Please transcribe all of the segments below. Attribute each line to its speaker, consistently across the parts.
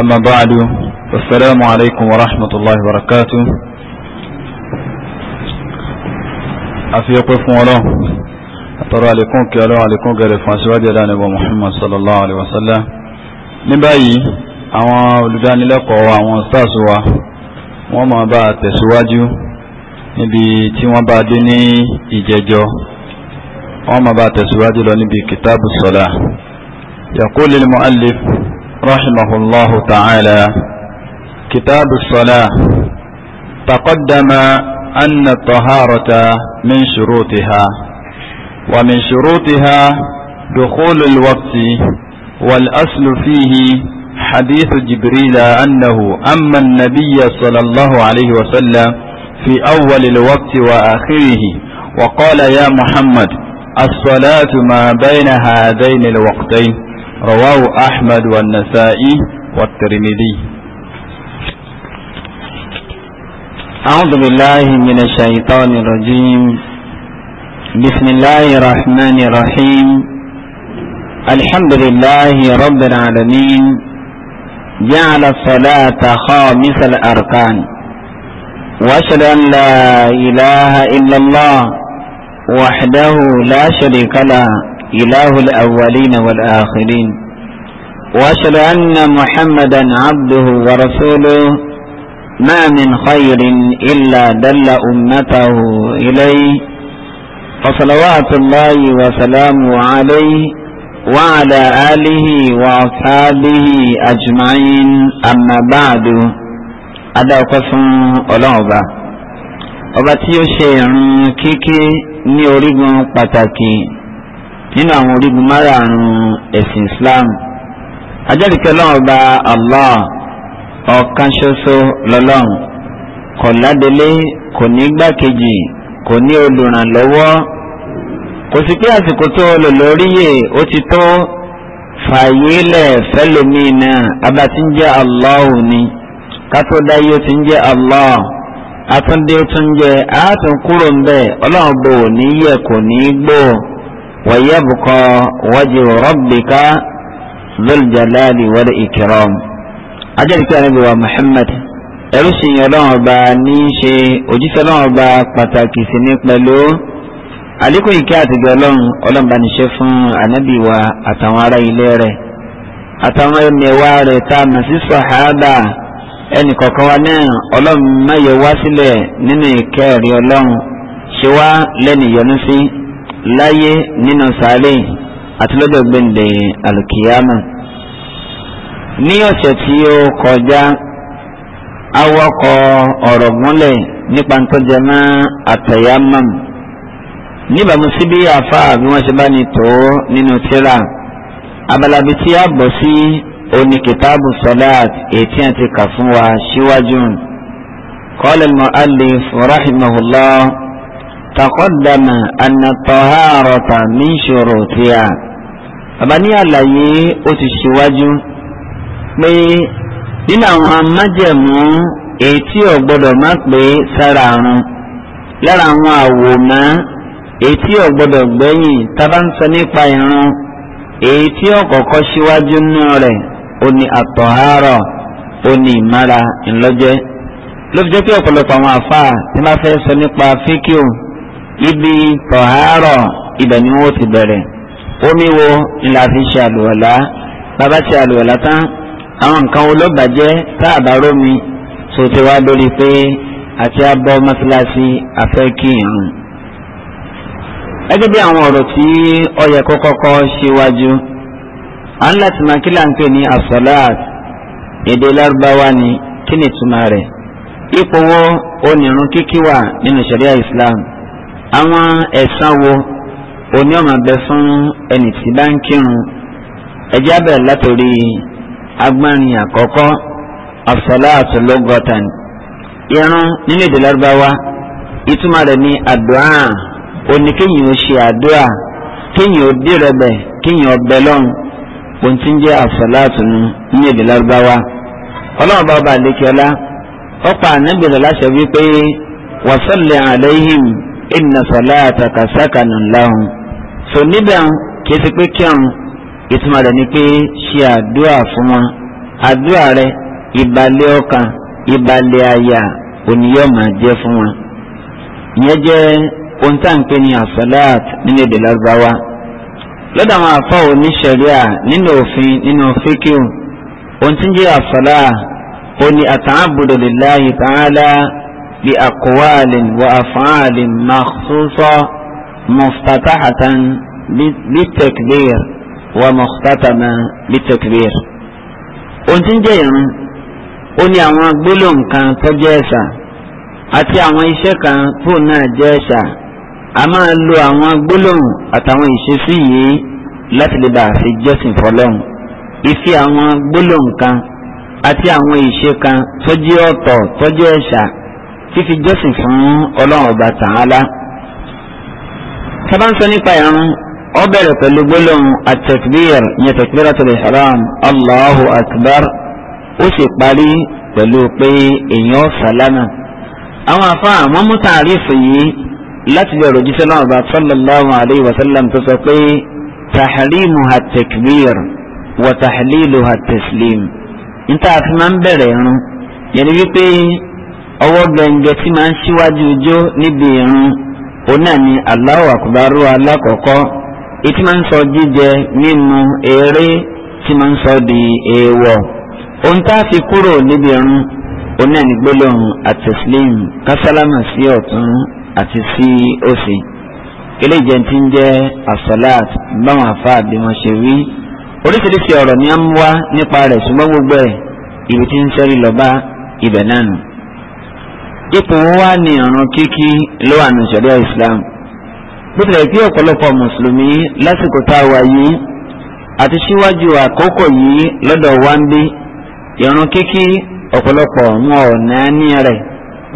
Speaker 1: أما بعد والسلام عليكم ورحمة الله وبركاته أفيقف مولا أترى لكم كالو عليكم قريب فاسواد يلانب محمد صلى الله عليه وسلم نبأي àwọn olùdánilẹ́kọ̀ọ́ wa àwọn stars wa wọ́n máa bá a tẹ̀síwájú níbi tí wọ́n bá dé ní ìjẹjọ́ wọ́n máa bá a tẹ̀síwájú lọ níbi kìtàbù sọ̀lá yaqulu al-mu'allif رحمه الله تعالى كتاب الصلاة تقدم أن الطهارة من شروطها ومن شروطها دخول الوقت والأصل فيه حديث جبريل أنه أما النبي صلى الله عليه وسلم في أول الوقت وآخره وقال يا محمد الصلاة ما بين هذين الوقتين رواه أحمد
Speaker 2: والنسائي والترمذي أعوذ بالله من الشيطان الرجيم بسم الله الرحمن الرحيم الحمد لله رب العالمين جعل الصلاة خامس الأركان وأشهد أن لا إله إلا الله وحده لا شريك له إله الأولين والآخرين وأشهد أن محمدا عبده ورسوله ما من خير إلا دل أمته إليه فصلوات الله وسلامه عليه وعلى آله وأصحابه أجمعين أما بعد أدى قسم ألعبة ọba شيء كيكي ṣe قتاكي nínú àwọn orígun márààrún ẹ̀sìn Islam ajẹ́rìkẹ́ lọ́wọ́ bá Allah ọ̀kan ṣoṣo lọ́lọ́run kò ládélé kò ní gbàkejì kò ní olùrànlọ́wọ́ kò sí pé àsìkò tó lò lórí yè ó ti tó fààyè lẹ̀ náà abá ń jẹ́ Allah òní kátó dáyé ó ti ń jẹ́ Allah àtúndé ó tún jẹ́ àátún kúrò ń bẹ́ẹ̀ ọlọ́run bò ní yẹ kò ní gbòó. ويبقى وجه ربك ذو الجلال والإكرام أجل كان محمد ẹrúsìn ọlọ́run ọba ní í ṣe òjíṣẹ́ ọlọ́run ọba pàtàkì sí ní pẹ̀lú àlékún ìkẹ́ àtìgbẹ́ ọlọ́run ọlọ́run bá níṣẹ́ fún ànábì wa àtàwọn ará ilé rẹ̀ àtàwọn ẹ̀mẹ̀wá rẹ̀ tá a mọ̀ sí sàhábà ẹnì kọ̀ọ̀kan wa náà ọlọ́run má yẹ wá sílẹ̀ nínú ìkẹ́ rí ọlọ́run ṣe wá lẹ́nu ìyọnu sí láyé nínú sáré àti lọ́jọ́ gbẹ̀ǹdẹ̀ alùkìyàmù ní ọ̀sẹ̀ tí ó kọjá awakọ̀ ọ̀rọ̀ gúnlẹ̀ nípa ntọ́jà mọ́ àtẹ̀yàmọ́m níbàámu sí bí àfa bí wọ́n ṣe bá ní tó nínú tíra abalabi tí a bọ̀ sí oní kìtàbù salat ètí àti kà fún wa síwájú qala al-mu'allif rahimahullah. تقدم أن الطهارة من شروطها bàbá ní àlàyé ó ti ṣíwájú pé nínú àwọn amájẹ̀mú èyí tí ò gbọ́dọ̀ má pé sára àrùn lára àwọn àwòmọ́ èyí tí ò gbọ́dọ̀ gbẹ̀yìn tábà ń sọ nípa ìrun èyí tí ò kọ́kọ́ ṣíwájú nù rẹ̀ ó ní àtọ̀hárọ̀ ó ní ìmára ńlọ́jẹ́ ló fi jẹ́ pé ọ̀pọ̀lọpọ̀ ibi tọ̀hárọ̀ ibẹ̀ ni wọ́n ti bẹ̀rẹ̀ omi wo ni la fi ṣe àlùwàlá bàbá ṣe àlùwàlá tán àwọn nǹkan olóbàjẹ́ tá a bá rómi tó ti wá lórí pé àti abọ́ mọ́sálásí afẹ́ kí irun. gẹ́gẹ́ bí àwọn ọ̀rọ̀ tí ó kó kọ́kọ́ ṣíwájú à ń láti máa kí là ní asọ́láàt èdè lárúbáwá ni kí ni ìtumọ̀ rẹ̀ ipò wo onírun kíkí wà nínú ṣẹ̀ríà Islam àwọn ẹ̀san wo òní ọ̀mà bẹ fún ẹnì tí bá ń kírun ẹjẹ́ abẹ́rẹ́ látòrí agbárin àkọ́kọ́ as-salatu lughatan irun nínú èdè lárúbáwá ìtumọ̀ rẹ̀ ní àdúrà òní kéèyàn ó ṣe àdúrà kéèyàn ó dìrẹ̀bẹ̀ kéèyàn ó lọ́hùn ohun tí ń jẹ́ èdè lárúbáwá ọlọ́run bá ọba àlékiọlá ọ̀pá inna salataka sakanun lahum so níbẹ̀ kìí ṣe pé kírun ìtumọ̀ rẹ̀ ni pé ṣe àdúrà fún wọn àdúrà rẹ̀ ìbàlẹ̀ ọkàn ìbàlẹ̀ àyà òníyàn máa jẹ́ fún wọn ìyẹn jẹ́ ohun tá à ń pè ní asalat nínú èdè lárúbáwá lọ́dọ̀ àwọn àfọ́ oníṣẹ̀ríà nínú òfin nínú fíkìú ohun tí ń jẹ́ asalat ó ní àtàbùdò lillahi ta'ala. بأقوال وأفعال مخصوصة مفتتحة بالتكبير ومختتمة بالتكبير oúnjẹ ń jẹ́ ìrun ó ní àwọn gbólóhùn kan tó jẹ́ ẹ̀ṣà àti àwọn iṣẹ́ kan tó náà jẹ́ ẹ̀ṣà a máa lo àwọn gbólóhùn àtàwọn ìṣesí yìí láti lè bá a fi jọ́sìn fọlọ́hùn ìfi àwọn gbólóhùn kan àti àwọn ìṣe kan tó jẹ́ ọ̀tọ̀ tó jẹ́ ẹ̀ṣà fífi jọ́sìn fún ọlọ́run ọba tààlà. sábà ń sọ nípa ìrun ó bẹ̀rẹ̀ pẹ̀lú gbólóhùn at-takbir yẹn takbiratul ihram allahu akbar ó sì parí pẹ̀lú pé èèyàn sàlámà. àwọn afáà wọ́n mú tààrífù yìí láti bẹ̀rù jíṣẹ́ náà bá sallallahu alayhi wa sallam tó sọ pé tahrimuha at-takbir wa tahliluha at-taslim. máa ń bẹ̀rẹ̀ ìrun yẹn ni wípé ọwọ́ gbẹ̀ǹgẹ̀ tí máa ń ṣíwájú ijó níbi ìrun òun náà ni Allahu Akbaru alákọ̀ọ́kọ́ ètí máa ń sọ jíjẹ mímu eré tí máa ń sọ di èèwọ̀ ohun tá a fi kúrò níbi ìrun òun náà ni gbólóhùn àtẹ̀sílẹ̀m kásálámà sí ọ̀tún àti sí òsì kele jẹ́ ti ń jẹ́ asalat báwọn afáà bí wọ́n ṣe wí oríṣiríṣi ọ̀rọ̀ ni a ń wá nípa rẹ̀ ṣùgbọ́n gbogbo ẹ̀ ìrètí ń sẹ́rí lọ́ba ibẹ̀ náà nù ipò wa ní ìrun kíkí ló wà ní sẹ̀ríà islam bó tilẹ̀ pé ọ̀pọ̀lọpọ̀ mùsùlùmí lásìkò tá a wà yìí àti síwájú àkókò yìí lọ́dọ̀ wa ń bí ìrun kíkí ọ̀pọ̀lọpọ̀ wọn ò náání rẹ̀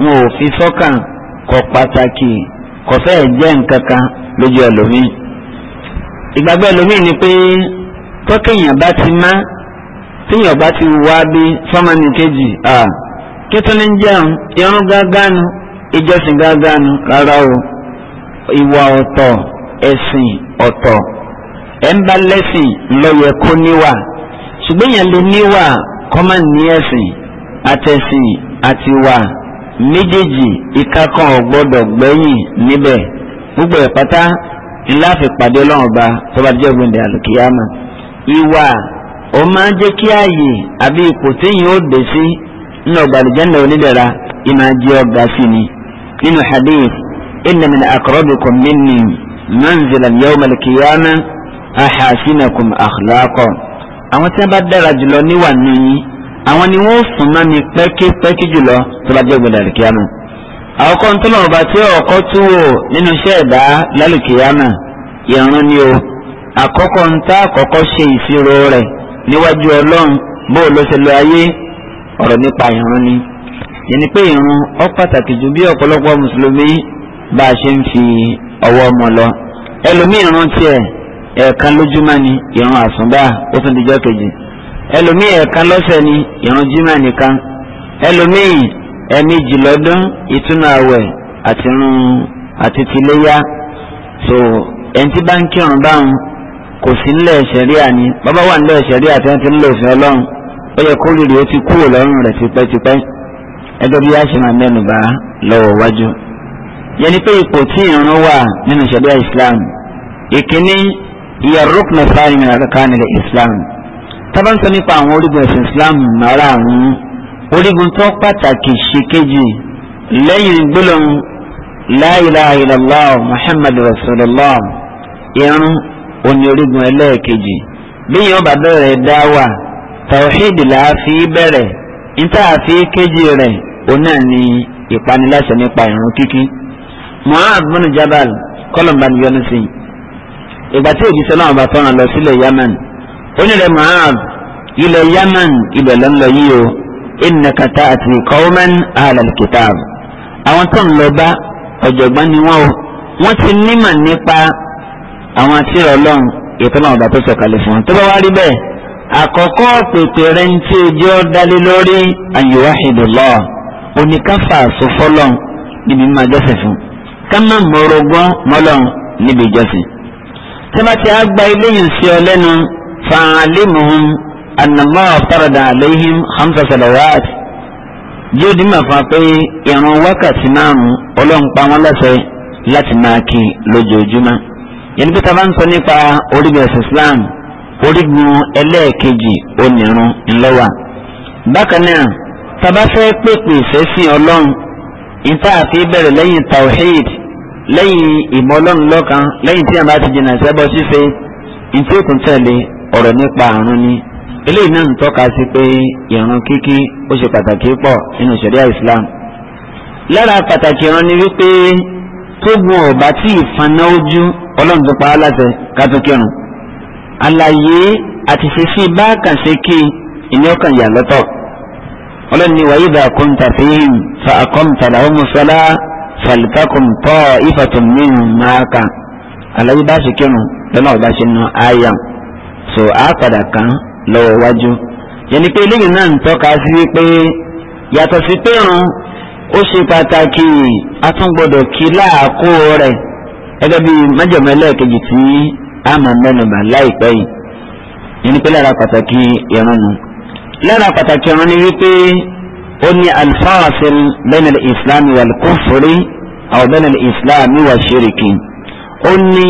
Speaker 2: wọn ò fi sọ́kàn kọ pàtàkì kò fẹ́ẹ̀ jẹ́ nǹkan kan lójú ẹlòmíì ìgbàgbọ́ ẹlòmíì ni pé tọ́kẹ́yìn bá ti má téèyàn bá ti wá bí fọ́mọ́nì kejì kíntúni ń jẹun irun gágánu ìjọsìn gágánu rárá o ìwà ọ̀tọ̀ ẹ̀sìn ọ̀tọ̀ ẹ̀ ń bá lẹ́sìn lọ́yẹ̀ kó níwà ṣùgbọ́n èèyàn lè níwà kọ́má ní ẹ̀sìn àtẹ̀sìn àti wà méjèèjì ìkákan ò gbọ́dọ̀ gbẹ́yìn níbẹ̀ gbogbo ẹ̀ pátá ńlá pàdé ọlọ́run ọba tó bá jẹ́ ògbóǹde àlùkìyàmà ìwà ó máa kí ààyè àbí ipò téèyàn ó dé sí nínú ọgbà àlùjánnà onídẹ̀ra ìmọ̀ ajé ọgbà sí ni nínú hadith inna min aqrabikum minni manzilan yawm al-qiyamah ahasinakum akhlaqa àwọn tí wọ́n bá dára jùlọ níwà nù yín àwọn ni wọ́n sùn mọ́ mi pẹ́kípẹ́kí jùlọ tó bá jẹ́ ọgbà àlùkìyàmà àwọn kan tó tí ọkọ tún wò nínú iṣẹ́ ẹ̀dá lálùkìyàmà ìrún ni o àkọ́kọ́ ń tá ṣe ìṣirò rẹ̀ níwájú ọlọ́run bó o lọ ṣe lọ ayé ọ̀rọ̀ nípa ìrun ni pé ọ pàtàkì ju bí ọ̀pọ̀lọpọ̀ mùsùlùmí bá a ṣe ń fi ọwọ́ ọmọ lọ ẹlòmíì ìrun tiẹ̀ ẹ̀ẹ̀kan lójúmọ́ ni ìrun àsùnbà ó tún dijọ́ kejì ẹlòmíì ẹ̀ẹ̀kan lọ́sẹ̀ ni jímọ̀ nìkan ẹ̀ẹ̀mejì lọ́dún ìtúnu àwẹ̀ àti àti bá ń kírun báwọn kò sí nílẹ̀ ni wà nílẹ̀ ó yẹ kó rírì ó ti kúrò lọ́rùn rẹ̀ tipẹ́tipẹ́ ẹgbẹ́ bí a ṣe máa mẹ́nu bá lọ́wọ́ wájú. yẹni pé ipò tí ìrun wà nínú ṣẹ̀ríà islam ìkíní ìyàrúk mẹ́fàáyì min arkan al-islam tábà ń sọ nípa àwọn orígun ẹ̀sìn islam mara àwọn orígun tó pàtàkì ṣe kéjì lẹ́yìn gbólóhùn la ilaha illallah muhammadu rasulullah ìrun òní orígun ẹlẹ́ẹ̀kejì bí yóò bá bẹ̀rẹ̀ dáwà tawhid la fi bẹ̀rẹ̀ níta àfi kejì rẹ̀ òun náà ni ìpaniláṣẹ nípa ìrun kíkí mu'adh bin jabal kọlọmba ni yọnu sí ìgbà tí òbí sọlọ́wọ́n bá fọ́nrán lọ sílẹ̀ yemen ó nílẹ̀ mu'adh ilẹ̀ yemen ibẹ̀ ló ń lọ yìí o innaka ta'ti qawman ahlal kitab àwọn tó ń lọ bá ọ̀jọ̀gbọ́n ni wọ́n o wọ́n ti nímọ̀ nípa àwọn àtìrọ̀ ọlọ́run ètò náà tó sọ̀kalẹ̀ fún wọn tó bá wá rí bẹ́ẹ̀ àkọ́kọ́ pèpè rẹ̀ ń tí ojú ọ́ dálé lórí ayọ̀wáhìdùlọ́ oníkàfà sọfọ́lọ́ níbi máa jọ́sẹ̀ fún ká má mọ̀rọ̀gbọ́n mọ́lọ́ níbi ìjọsìn. tẹ́bàtì àgbà eléyìí sí ọ lẹ́nu fàálìmùhùn ànàmọ́ ọ̀tọ́rọ̀dà àléhìm hamsa salawat yóò dín màfà pé ìrun wákàtí márùn-ún ọlọ́ǹpa wọn lọ́sẹ̀ láti máa kí lójoojúmọ́ yẹn ní bá ń sọ nípa orílẹ̀-èdè Islam orígun ẹlẹ́ẹ̀kejì onírun ńlọ́wà. bákan náà tábà fẹ́ pèpè ìfẹ́sìn ọlọ́run ìta àti bẹ̀rẹ̀ lẹ́yìn tawhid lẹ́yìn ìmọ̀ ọlọ́run lọ́kan lẹ́yìn tí a bá ti jìnnà sẹ́bọ̀ ṣíṣe ìtí òkun tẹ̀lé ọ̀rọ̀ nípa àrùn ni eléyìí náà ń tọ́ka sí pé ìrun kíkí ó ṣe pàtàkì pọ̀ nínú ṣẹ̀ríà Islam lára pàtàkì ìrun ni wípé tógun ọ̀bá tí ìfaná ọlọ́run àlàyé àti ṣíṣí bá kànṣe kí ìní ọkàn yà lọ́tọ̀ ọlọ́run ni wàyí bá kún tàfihìn fa àkọ́mta làwọn mùsọ́lá fàlìtàkùn pọ̀ ìfàtún nínú máa kà àlàyé bá ṣe kírun lọ́nà ọ̀dá ṣe nu àyà so a padà kàn lọ́wọ́ wájú yẹn ni pé eléyìí náà ń tọ́ka sí wípé yàtọ̀ sí pé irun ó ṣe pàtàkì a kí láàkó rẹ̀ gẹ́gẹ́ bí májọ̀mọ́ ẹlẹ́ẹ̀kejì tí a máa mẹ́nubà láìpẹ́ yìí yẹn ni pé lára pàtàkì irun nu lára pàtàkì irun ni wípé ó ní alfaasil bẹ́ẹ̀ni islam wà kófòrí àwọn bẹ́ẹ̀ni islam wà ṣèrìkì ó ní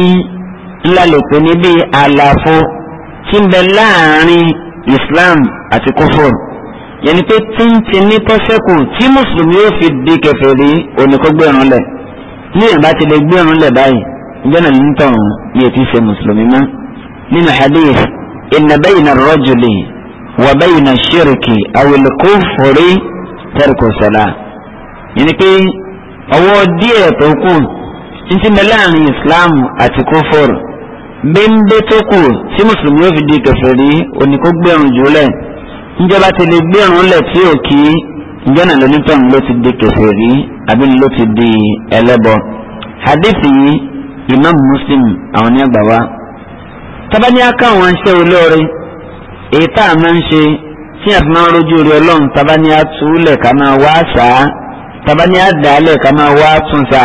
Speaker 2: ńlá lè pè ní bíi àlàfo tí ń bẹ láàrin islam àti kófòrí yẹn ni pé tíntì ní tọ́sẹ́kù tí mùsùlùmí yóò fi di kèfèrí oníkó gbẹ̀rún lẹ̀ ní ìbá ti lè gbẹ̀rún lẹ̀ báyìí jọ́nà nítàn yóò ti ṣe mùsùlùmí mọ́ nínú hadith inna bayna ar-rajuli wa bayna ash-shirki aw al-kufri tarku salah yìí pé ọwọ́ díẹ̀ tó kù ntí bẹ láàrin islam àti kófòrò bẹ́ńbẹ́ tó kù tí mùsùlùmí ó fi di kèfèrí oníkó gbẹ̀rún jùlẹ̀ níjọba ti lè gbẹ̀rún lẹ̀ tí ò kí njọ́nà lónítàn ló ti di kèfèrí àbí ló ti di ẹlẹ́bọ hadith yìí imam muslim àwọn ní àgbà wa tabani aka àwọn aṣẹ olóore èyí tá a máa ń ṣe tí a máa ń rojú rẹ ọlọ́run tabani atúlẹ̀ ká máa wá sá tabani adàálẹ̀ ká máa wá tún sá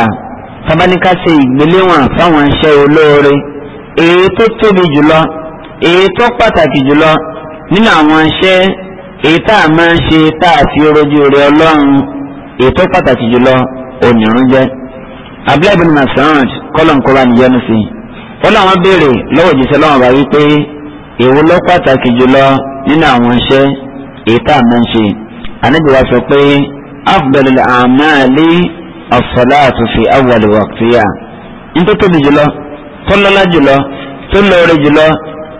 Speaker 2: tabani ká ṣe ìgbéléwọ̀n fáwọn aṣẹ olóore èyí tó tóbi jùlọ èyí tó pàtàkì jùlọ nínú àwọn aṣẹ èyí tá a máa ń ṣe tá a fi rojú rẹ ọlọ́run èyí tó pàtàkì jùlọ ònìrún jẹ́ abdullahi bin masoud kọlọ̀nkọba níyanu sí i ó láwọn béèrè lọ́wọ́ jíṣẹ́ lọ́wọ́ bá wípé èwo ló pàtàkì jùlọ nínú àwọn iṣẹ́ èyí tá a máa ń ṣe ànábì wa sọ pé afdalul amali as-salatu fi awwal waqtiha nítorí tóbi jùlọ tó lọ́lá jùlọ tó lóore jùlọ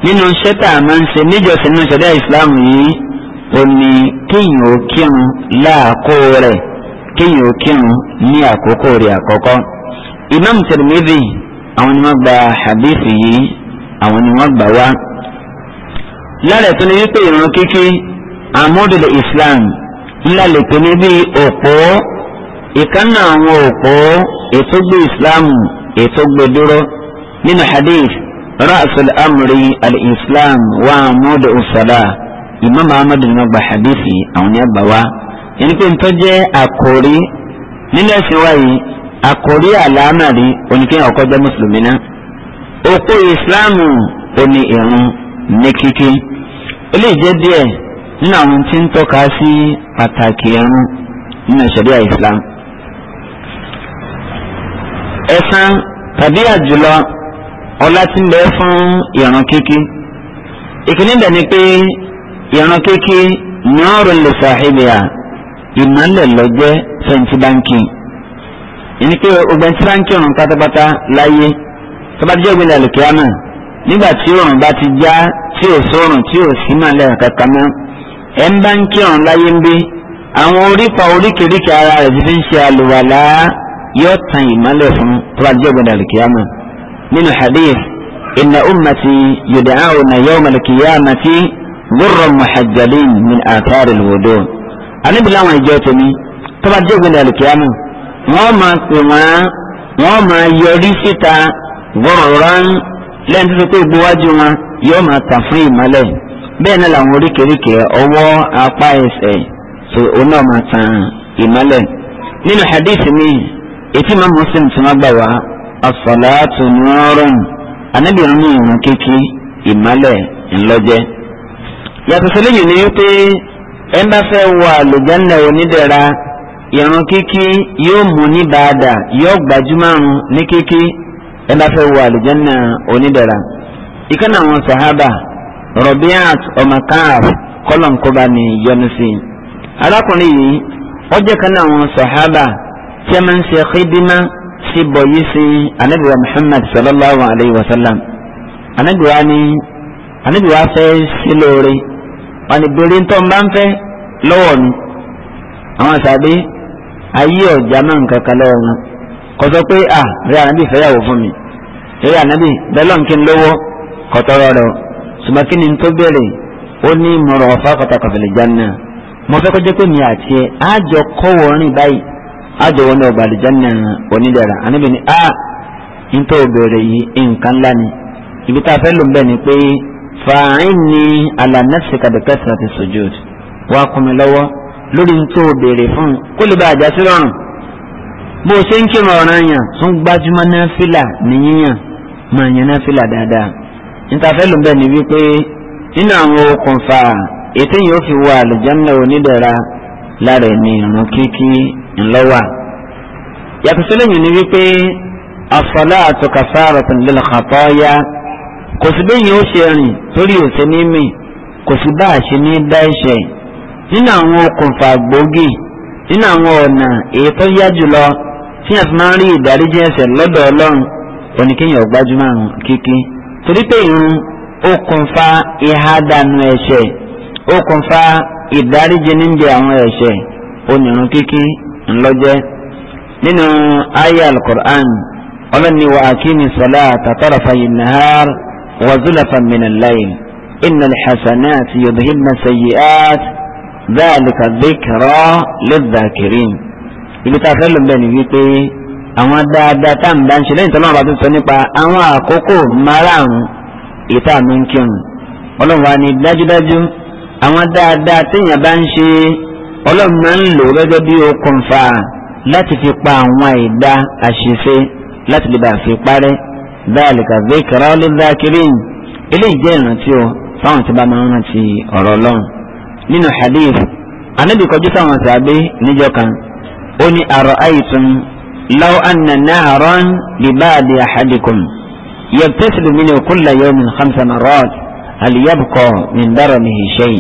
Speaker 2: nínú iṣẹ́ tá a máa ń ṣe níjọsìn nínú ìṣẹ̀dá islam yìí ó ní kéèyàn láàkó rẹ̀ kéèyàn ó ní àkókò rẹ̀ àkọ́kọ́ imam tirmidhi àwọn ni wọ́n gba hadithi yìí àwọn ni wọ́n gbà wá lára ẹ̀tọ́ ni wípé ìran kíkí amúdùlẹ̀ islam ńlá lè pè ní bí òpó ìkànnà àwọn òpó ètò gbé islam ètò gbé dúró nínú hadith ra'asul amri al-islam wa amúdù usala imam ahmed ni wọ́n gba hadithi àwọn ni wọ́n gbà wá yẹn ni pé ntọ́jẹ́ àkórí nílẹ̀ ẹ̀sìn wáyé. akwari alaamari onikin oko ọgbọ musulmina okwu islamu o ni irun n'ikikere ile ije die nna oun ti ntọka a si pataki irun n'ime shari'a islam ẹsàn tabi ajụla ọla ti n gbae fun iran keke ikini be ni pe iran keke n'ọrụ n'esa ilia yunmalo lọ jẹ senti banki ìní pé ogbẹ́ tí wọ́n ń kírun pátápátá láyé tó bá ti jẹ́ ògbìn ìdàlù kíá náà nígbà tí òòrùn bá ti já tí ò sóòrùn tí ò sí máa lẹ́yìn kankan mọ́ ẹ̀ ń bá ń kírun láyé ń bí àwọn orípa oríkèéríkèé ara rẹ̀ ti fi ń ṣe àlùwàlá yóò tan ìmọ́lẹ̀ fún tó bá ti jẹ́ ògbìn ìdàlù náà nínú hadith inna ummati yud'auna yawma al-qiyamati ghurran muhajjalin jẹ́ ògbìn ìdàlù náà wọ́n máa pè wọ́n wọ́n máa yọrí síta gbọ̀rọ̀rán lẹ́yìn tó tó gbowájú wọn yóò máa tàn fún ìmọ́lẹ̀ bẹ́ẹ̀ náà làwọn oríkèéríkèé ọwọ́ apá ẹsẹ̀ tó òun náà máa tàn ìmọ́lẹ̀. nínú hadith mi ètí máa Muslim tí wọ́n gbà wá as-salatu nurun anábìrin ní ìrún kíkí ìmọ́lẹ̀ ńlọ́jẹ́. yàtọ̀ sílẹ̀ yìí ni wípé ẹ bá fẹ́ wọ àlùjánnà onídẹ̀ra ìrun kíkí yóò mú ní bàdà yóò gbajúmọ̀ àrùn ní kíkí ẹ bá fẹ́ wọ àlùjànnà onídẹ̀ra ìkànnì àwọn sàhábà Rabi'at ọmọ káàf kọlọ̀nkọba ní yọnu sí i arákùnrin yìí ó jẹ́ kan àwọn sàhábà tí a máa ń ṣe xidima sí bọ̀yì sí Ànábì Muhammad sallallahu alayhi wa sallam Ànábì ni Ànábì wa fẹ́ sí lóore wọn ni bèrè tó ń bá ń fẹ́ lọ́wọ́ mi àwọn sàbí ayé ọ̀já máa ń kankan lọ́wọ́ wọn kò sọ pé à ah, rí ànábì fẹ́yàwó fún mi rí ànábì bẹ́lọ̀ kí n lówó kọ̀tọ́rọ̀ rẹ̀ ṣùgbọ́n kí ni tó bẹ̀rẹ̀ ó ní mọ̀rọ̀ ọ̀fà kọ̀tàkọ̀ fil janna mo fẹ́ kó jẹ́ pé mi àti ẹ àjọ kọ́wọ́ rìn báyìí àjọ wọn náà gbàdé janna onídàrá ànábì ni a ah, ń tó bẹ̀rẹ̀ yìí nǹkan ńlá ni ibi tá a fẹ́ lò ń bẹ̀ ni pé fàáìn ni alànàfíkà bẹ̀kẹ́sì àti sojúd wàá kún mi lọ́wọ́ lórí tó béèrè fún kó lè bá àjà sí lọ́rùn bó o ṣe ń kírun ọ̀ràn yàn tún gbájúmọ́ náfìlà ní yíyàn máa yan náfìlà dáadáa nítafẹ́ ló ń bẹ̀ ní wípé nínú àwọn okùnfà ètò yìí ó fi wọ àlùjánnà onídẹ̀ra lára ẹni ìrun kíkí ńlọ́wà yàtọ̀ sílẹ̀yìn ní wípé as-salatu kafaratun lil khataya kò sí bẹ́yìn ó ṣe rìn torí òṣèlú mi kò sí bá a ní dá ẹ̀ṣẹ̀ nínú àwọn okùnfà gbòógì nínú àwọn ọ̀nà èyí tó yá jùlọ tí a fi máa ń rí ìdáríjì ẹ̀ṣẹ̀ lọ́dọ̀ ọlọ́run oníkéyàn ọ̀gbájúmọ́ àrùn kíkí torí pé ìrun okùnfà ìhádànù ẹ̀ṣẹ̀ okùnfà ìdáríjì níbi àwọn ẹ̀ṣẹ̀ onírun kíkí ńlọ́jẹ́ nínú ayé alukur'an ọlọ́ni wa akíní sọlá tàtàràfà yìí nàhár wàzúlàfà mìnàláyìn ìnàlẹ̀ hasanat yudhinna sayyi'at dáàlìkà dhikra lidhakirin ibi tá a fẹ́ lò bẹ́ẹ̀ ni wípé àwọn dáadáa tá à ń bá ń ṣe lẹ́yìn tó náà bá tún sọ nípa àwọn àkókò márààrún ìta àmì ń kírun ọlọ́run wa ni dájúdájú àwọn dáadáa téèyàn bá ń ṣe ọlọ́run máa ń lò gẹ́gẹ́ bí okùnfà láti fi pa àwọn àìda àṣìṣe láti lè bá fi parẹ́ dáàlìkà dhikra lidhakirin eléyìí jẹ́ ìrántí o fáwọn tí bá máa ń rántí ọ̀rọ̀ ọlọ́run nínú hadith anabi kọjú sáwọn sàbẹ níjọ́ kan ó ní ara'aytum law anna naaran bibaadi ahadikum yabtasilu minhu kulla yawmin khamsa marat hal yabqa min daramihi shay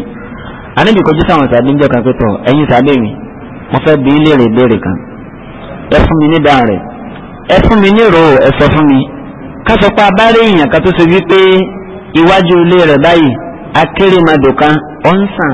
Speaker 2: anabi kọjú sáwọn sàbẹ níjọ́ kan pẹtọ ẹ̀yin sàbẹ mi mo fẹ́ bi léèrè béèrè kan ẹ fún mi ní dáhùn rẹ̀ ẹ fún mi ní ro ẹ sọ fún mi ká sọ abáre èèyàn kan tó ṣe wípé iwájú ilé rẹ̀ báyìí akérèmọdò kan ọ̀nsán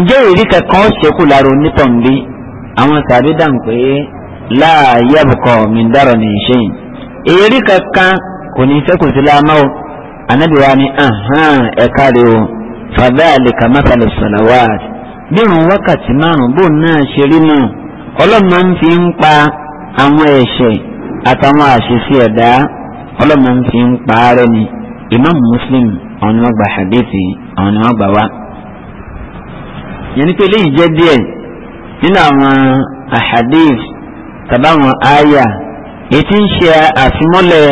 Speaker 2: ǹjẹ́ ìrírí kankan ó ṣekú lára onítàn bí àwọn sàbí dáhùn pé láàyè àbùkọ mi ń dárọ̀ ní ìṣe yìí ìrírí kankan kò ní ṣekú sí láàmá o ànábì wa ni ẹ̀ka rẹ̀ o fadhalika mathalu salawat bí ìrun wákàtí márùn bò náà ṣe rí náà ọlọ́run ń fi ń pa àwọn ẹ̀ṣẹ̀ àtàwọn àṣìṣe ẹ̀dá ọlọ́run ń fi ń pa á ni Imam Muslim àwọn ni wọ́n gba hadithi àwọn ni wọ́n yẹn ni pé eléyìí jẹ́ díẹ̀ nínú àwọn ahadif tàbáwọn àyà ètí ń ṣe àfimọ́lẹ̀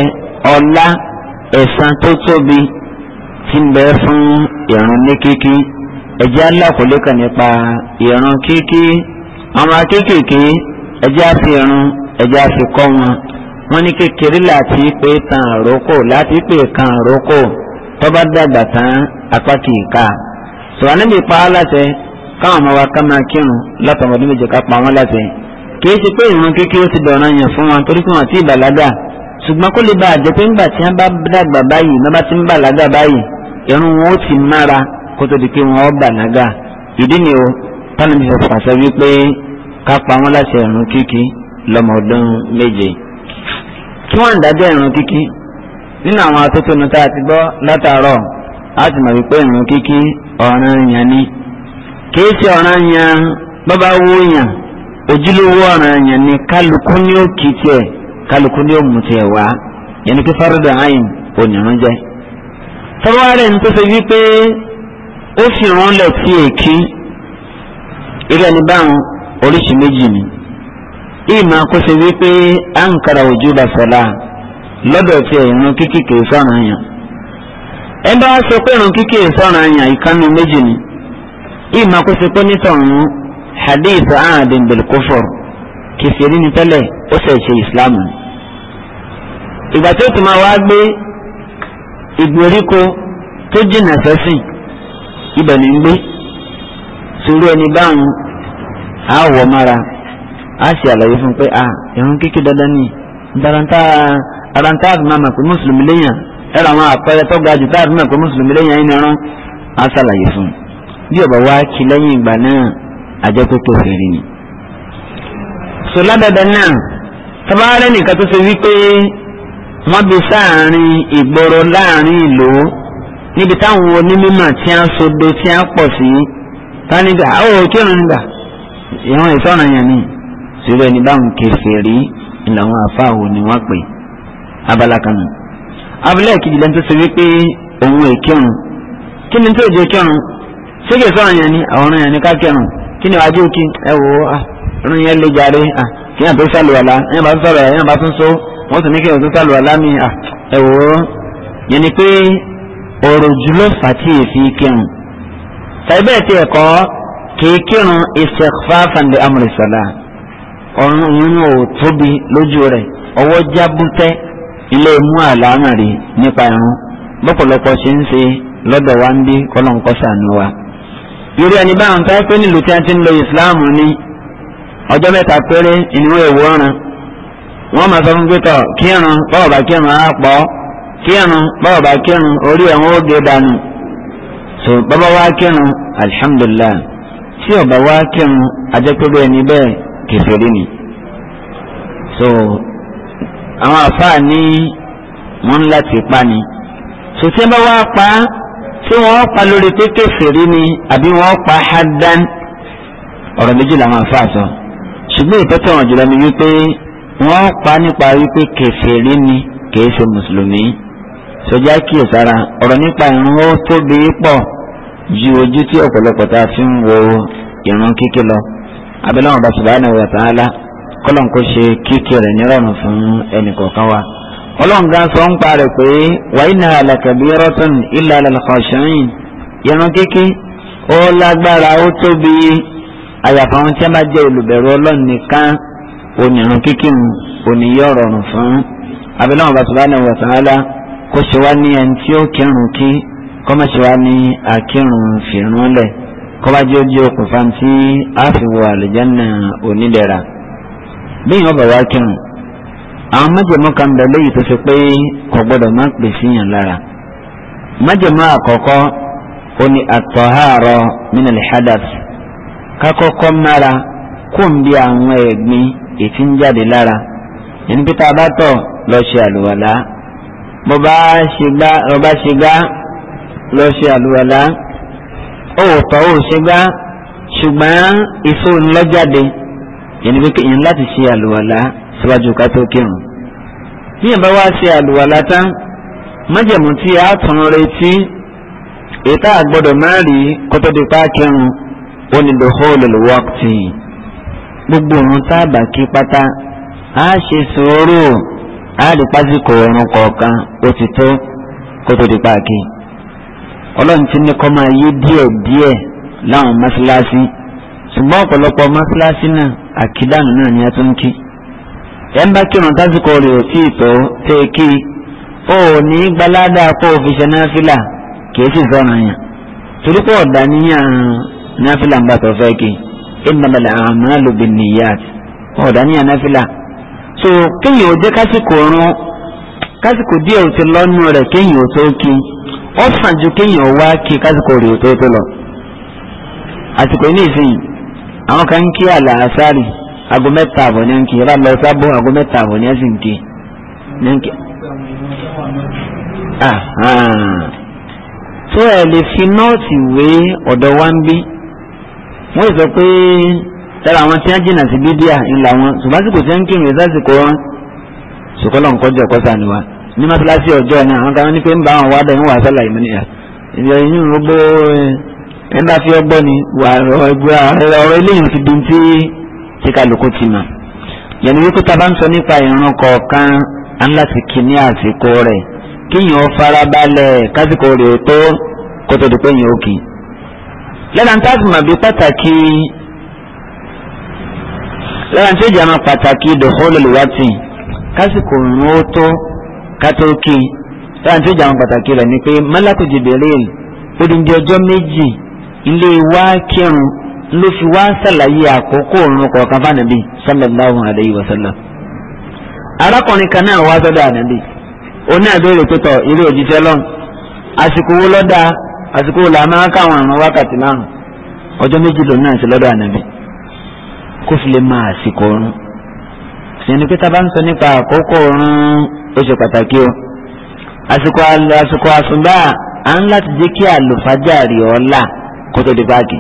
Speaker 2: ọlá ẹ̀san tó tóbi tí ń bẹ fún ìrun ní kíkí ẹ̀jẹ̀ alákòólé kan nípa ìrun kíkí àwọn akékèké ẹ̀jẹ̀ àfi ìrun ẹ̀jẹ̀ àfi wọn ní kékeré láti pé tan àrókò láti pé kan àrókò tó bá dàgbà tán apá kìí sọ̀rọ̀ níbi pa á káwọn ọmọ wa ká máa kírun látọmọ ọdún méje ká pa wọn láti kìí ṣe pé ìran kékeré ti dọ̀ràn yàn fún wọn torí pé wọn ti bàlágà ṣùgbọ́n kó lè bá àjẹ pé ńgbà tí wọn bá dàgbà báyìí wọn bá ti ń bàlágà báyìí irun wọn ó ti mára kó tó di pé wọn ó bàlágà ìdí ni o tánà mi fẹ́ pàṣẹ wípé ká pa wọn láti ìran kíkí lọ́mọ ọdún méje kí wọ́n ń dájọ́ ìran kíkí nínú àwọn atótónu tá a ti gbọ́ látàárọ̀ á ti mọ̀ wípé ìran kíkí ọ̀ràn yẹn ni. kìí ṣe anya yẹn bàbá wó yàn ojúlówó anya yẹn ni ni ó kì í tiẹ̀ kálukú ni ó mú tiẹ̀ wá yẹn ni pé fárúdà àyìn ònìrún jẹ́. fọwọ́rẹ́ ní tó ṣe wípé ó fi ránlẹ̀ tí èkí irú ẹni báwọn oríṣi méjì ni ìmọ̀ àkóso wípé à ń kara ìmọ̀ kó ṣe pé nítọ̀hún hadith ahadin bil kufur kìfìrí ni tẹ́lẹ̀ ó sì ṣe islam. ìgbà tó tún máa wá gbé ìgbèríko tó jìnnà sẹ́sìn ibẹ̀ ní gbé sórí ẹni báwọn á wọ̀ mára á sì àlàyé fún pé à ah, ẹ̀hún kíkí dandan ni daranta aranta àdúmọ̀ àmọ̀ mùsùlùmí lẹ́yìn ẹ̀rọ àwọn àpẹẹrẹ tó ga jù tá àdúmọ̀ pé mùsùlùmí lẹ́yìn ẹ̀rọ á sàlàyé fún un. bí ọba wa kí lẹ́yìn ìgbà náà àjẹkókò fèrè ni. sọ lábẹ́bẹ́ náà tabaarẹ́ nìkan tó ṣe wípé wọ́n bí sáàrin ìgboro láàrin ìlú níbi táwọn onímọ̀ tí a sodo tí a pọ̀ sí tánigà àwọn òkèrún nígbà ìwọ̀n yẹn ni síbẹ̀ ní báwọn kèfèrí ìlànà àfáàwò ni wọ́n pè abala kanu abúlé òun kí ni tó sígè sọ àyàn ni àwọn ni ní kákẹ́rùn kí ni wájú ah, ah, kí ẹ wò ó ọ̀run yẹn lè jàre kí yàn tó sàlùwàlá yàn bá tó sọ̀rọ̀ yàn bá tó so wọ́n sì ní kí yàn tó sàlùwàlá mi ah, ẹ wò ó yẹn ni pé ọ̀rọ̀ jùlọ fàtí èfi kírun sàbẹ̀ tí ẹ̀kọ́ kìí kírun istighfafan li amri salah ọ̀run òun ò tóbi lójú rẹ̀ ọwọ́ jábútẹ́ ilé mú àlámà rí nípa ẹ̀rún bọ́pọ̀lọpọ̀ ṣe ń ṣe lọ́dọ̀ irú ẹni bá ń fẹ́ pé nílùú tí a ti ń lo islam ní ọjọ́ mẹ́ta péré ìníwó èwo ọ̀ràn wọ́n máa sọ fún pétọ̀ kírun báwo kírun á pọ̀ kírun báwo kírun orí ẹ̀wọ̀n ó gé dànù so bàbá wa kírun alhamdulillah tí ọba wa kírun ajẹ́pẹ́bẹ́ ẹni bẹ́ẹ̀ kẹfẹ́rí ni so àwọn àfáà ní wọ́n ń láti pa ni so tí wọ́n bá wá pa á tí wọ́n pa lórí pé kèfèrí ni àbí wọ́n pa hadan ọ̀rọ̀ méjì làwọn afa sọ ṣùgbọ́n ìtọ́tọ̀ wọn jùlọ ni wípé wọ́n pa nípa wípé kèfèrí ni kìí ṣe mùsùlùmí sọjá kíyèsára ọ̀rọ̀ nípa ìrun ó tóbi pọ̀ ju ojú tí ọ̀pọ̀lọpọ̀ tá a fi ń wo ìrun kíkí lọ abẹ́lẹ́ wọn bá subhanahu wa ta'ala kọ́lọ̀ ń kó ṣe kíkí rẹ̀ nírọ̀rùn fún ẹnì kọ̀ọ̀kan wa ọlọ́run gan sọ ń parẹ́ pé wàhínà àlàkàbí rọ́tún ilà àlàkọ̀ṣẹ́yìn irun kéke ó lágbára ó tóbi àyàfà wọn tí a bá jẹ́ olùbẹ̀rù ọlọ́run nìkan onírun kéke oníyọ̀ rọrùn fún abilọ́run bá subhanahu wa ta'ala kó ṣe wá ní ẹni tí ó kírun kí kó má ṣe wá ní akírun fìrún lẹ̀ kó bá jẹ́ ojú okùnfà tí a fi wọ àlùjánnà onídẹ̀ra bí ìyọ̀n bá wá kírun àwọn májèmọ́ kan bẹ léyìí tó ṣe pé kò gbọ́dọ̀ má pè síyàn lára májèmọ́ àkọ́kọ́ ó ní àtọ̀hárọ̀ minal hadath kákọ́kọ́ mára kó ń bí àwọn ẹ̀gbin ètí ń jáde lára ẹni pété abátọ̀ lọ ṣe àlùwàlá bó bá ṣe gbá lọ ṣe àlùwàlá òòtọ́ ò ṣe gbá ṣùgbọ́n ìfowópamọ́ jáde ẹni pété ìyẹn láti ṣe àlùwàlá síwájú ká tó kírun. bí yẹn bá wá ṣe àlùwàlá tán májẹ̀mú tí a tún retí ètò àgbọ̀dọ̀ máa rí kótó di pa kírun ó ní the whole of the work team gbogbo òun tá a bá kí pátá a ṣe sòórò a lè pásíkò ọ̀run kọ̀ọ̀kan ó ti tó kótó di pa kí ọlọ́run ti ní kọ́ máa yé díẹ̀ díẹ̀ láwọn mọ́ṣáláṣí ṣùgbọ́n ọ̀pọ̀lọpọ̀ mọ́ṣáláṣí náà àkídànù náà ni a tún kí ẹ̀ ń bá kírun tásìkò rẹ̀ ò tí ì tó tẹ́ ẹ kí o ò ní gbalada kó o fi ṣe náfìlà kì í sì sọ̀rọ̀ yẹn torí pé ọ̀dà níyàn náfìlà ń bá tó fẹ́ kí innamal a'malu binniyat ọ̀dà níyàn náfìlà so kéèyàn ò jẹ́ kásìkò rún kásìkò díẹ̀ ò ti lọ́nu rẹ̀ kéèyàn ò tó kí ó sàn ju kéèyàn ò wá kí kásìkò rẹ̀ ò tó tó lọ àsìkò yìí nìsín àwọn kan kí àlàásárì aago mẹ́ta àbọ̀ ní nkì yàrá lọ sábọ̀ aago mẹ́ta àbọ̀ ní ẹ̀sìn nkì ní nkì. tó ah, ah. ẹ lè fi nọ́ọ̀tì wé ọ̀dọ̀ wa ń bí wọ́n sọ pé lára àwọn tí wọ́n jìnnà sí bídíà ńlá wọn ṣùgbọ́n àsìkò tí wọ́n ń kírun ìsásìkò wọn ṣùkọ́ lọ́n kọjá ẹ̀kọ́ sani wa ní mọ́tíláṣí ọjọ́ ẹ̀ náà àwọn kan ní pé ń bá àwọn wádà ń wà sálà ìmọ̀nìyà ìyá yín rúgbó ẹ̀ ń bá fi ọgbọ́n ni wà ọ̀rọ̀ eléyìí ti dùn tí tí kálukú ti mọ̀ yẹn ni wípé tá a bá ń sọ nípa ìrun kọ̀ọ̀kan á ń láti kí ní àsìkò rẹ̀ kíyàn ó farabalẹ̀ kásìkò rẹ̀ ó tó kó tó di pé yàn ó kì í. lẹ́la tá a sì mọ̀ bí pàtàkì lẹ́la tí ó pàtàkì dòhólò kásìkò ìrun ó tó ká kì í lẹ́la tí ó pàtàkì rẹ̀ ni pé mọ́lákùjì bèrè méjì ilé wa kírun ló fi wá sàlàyé àkókò òrùn kọ̀ọ̀kan fànàbí sallallahu alayhi wa sallam. arákùnrin kan náà wá sọ́dọ̀ ànàbí oní àbẹ̀rẹ̀ pẹ̀tọ̀ irú òjíṣẹ́ lọ́n àsìkò wo lọ́dà àsìkò wo làá máa káwọn àrùn wákàtí márùn ọjọ́ méjì lòun náà sí lọ́dọ̀ ànàbí kó fi lè máa àsìkò òrùn. sìnì pé tábà ń sọ nípa àkókò òrùn ó ṣe pàtàkì o àsìkò àsùnbà à ń láti jẹ́ kí àlùfájàrí ọ̀la kó tó di báàgì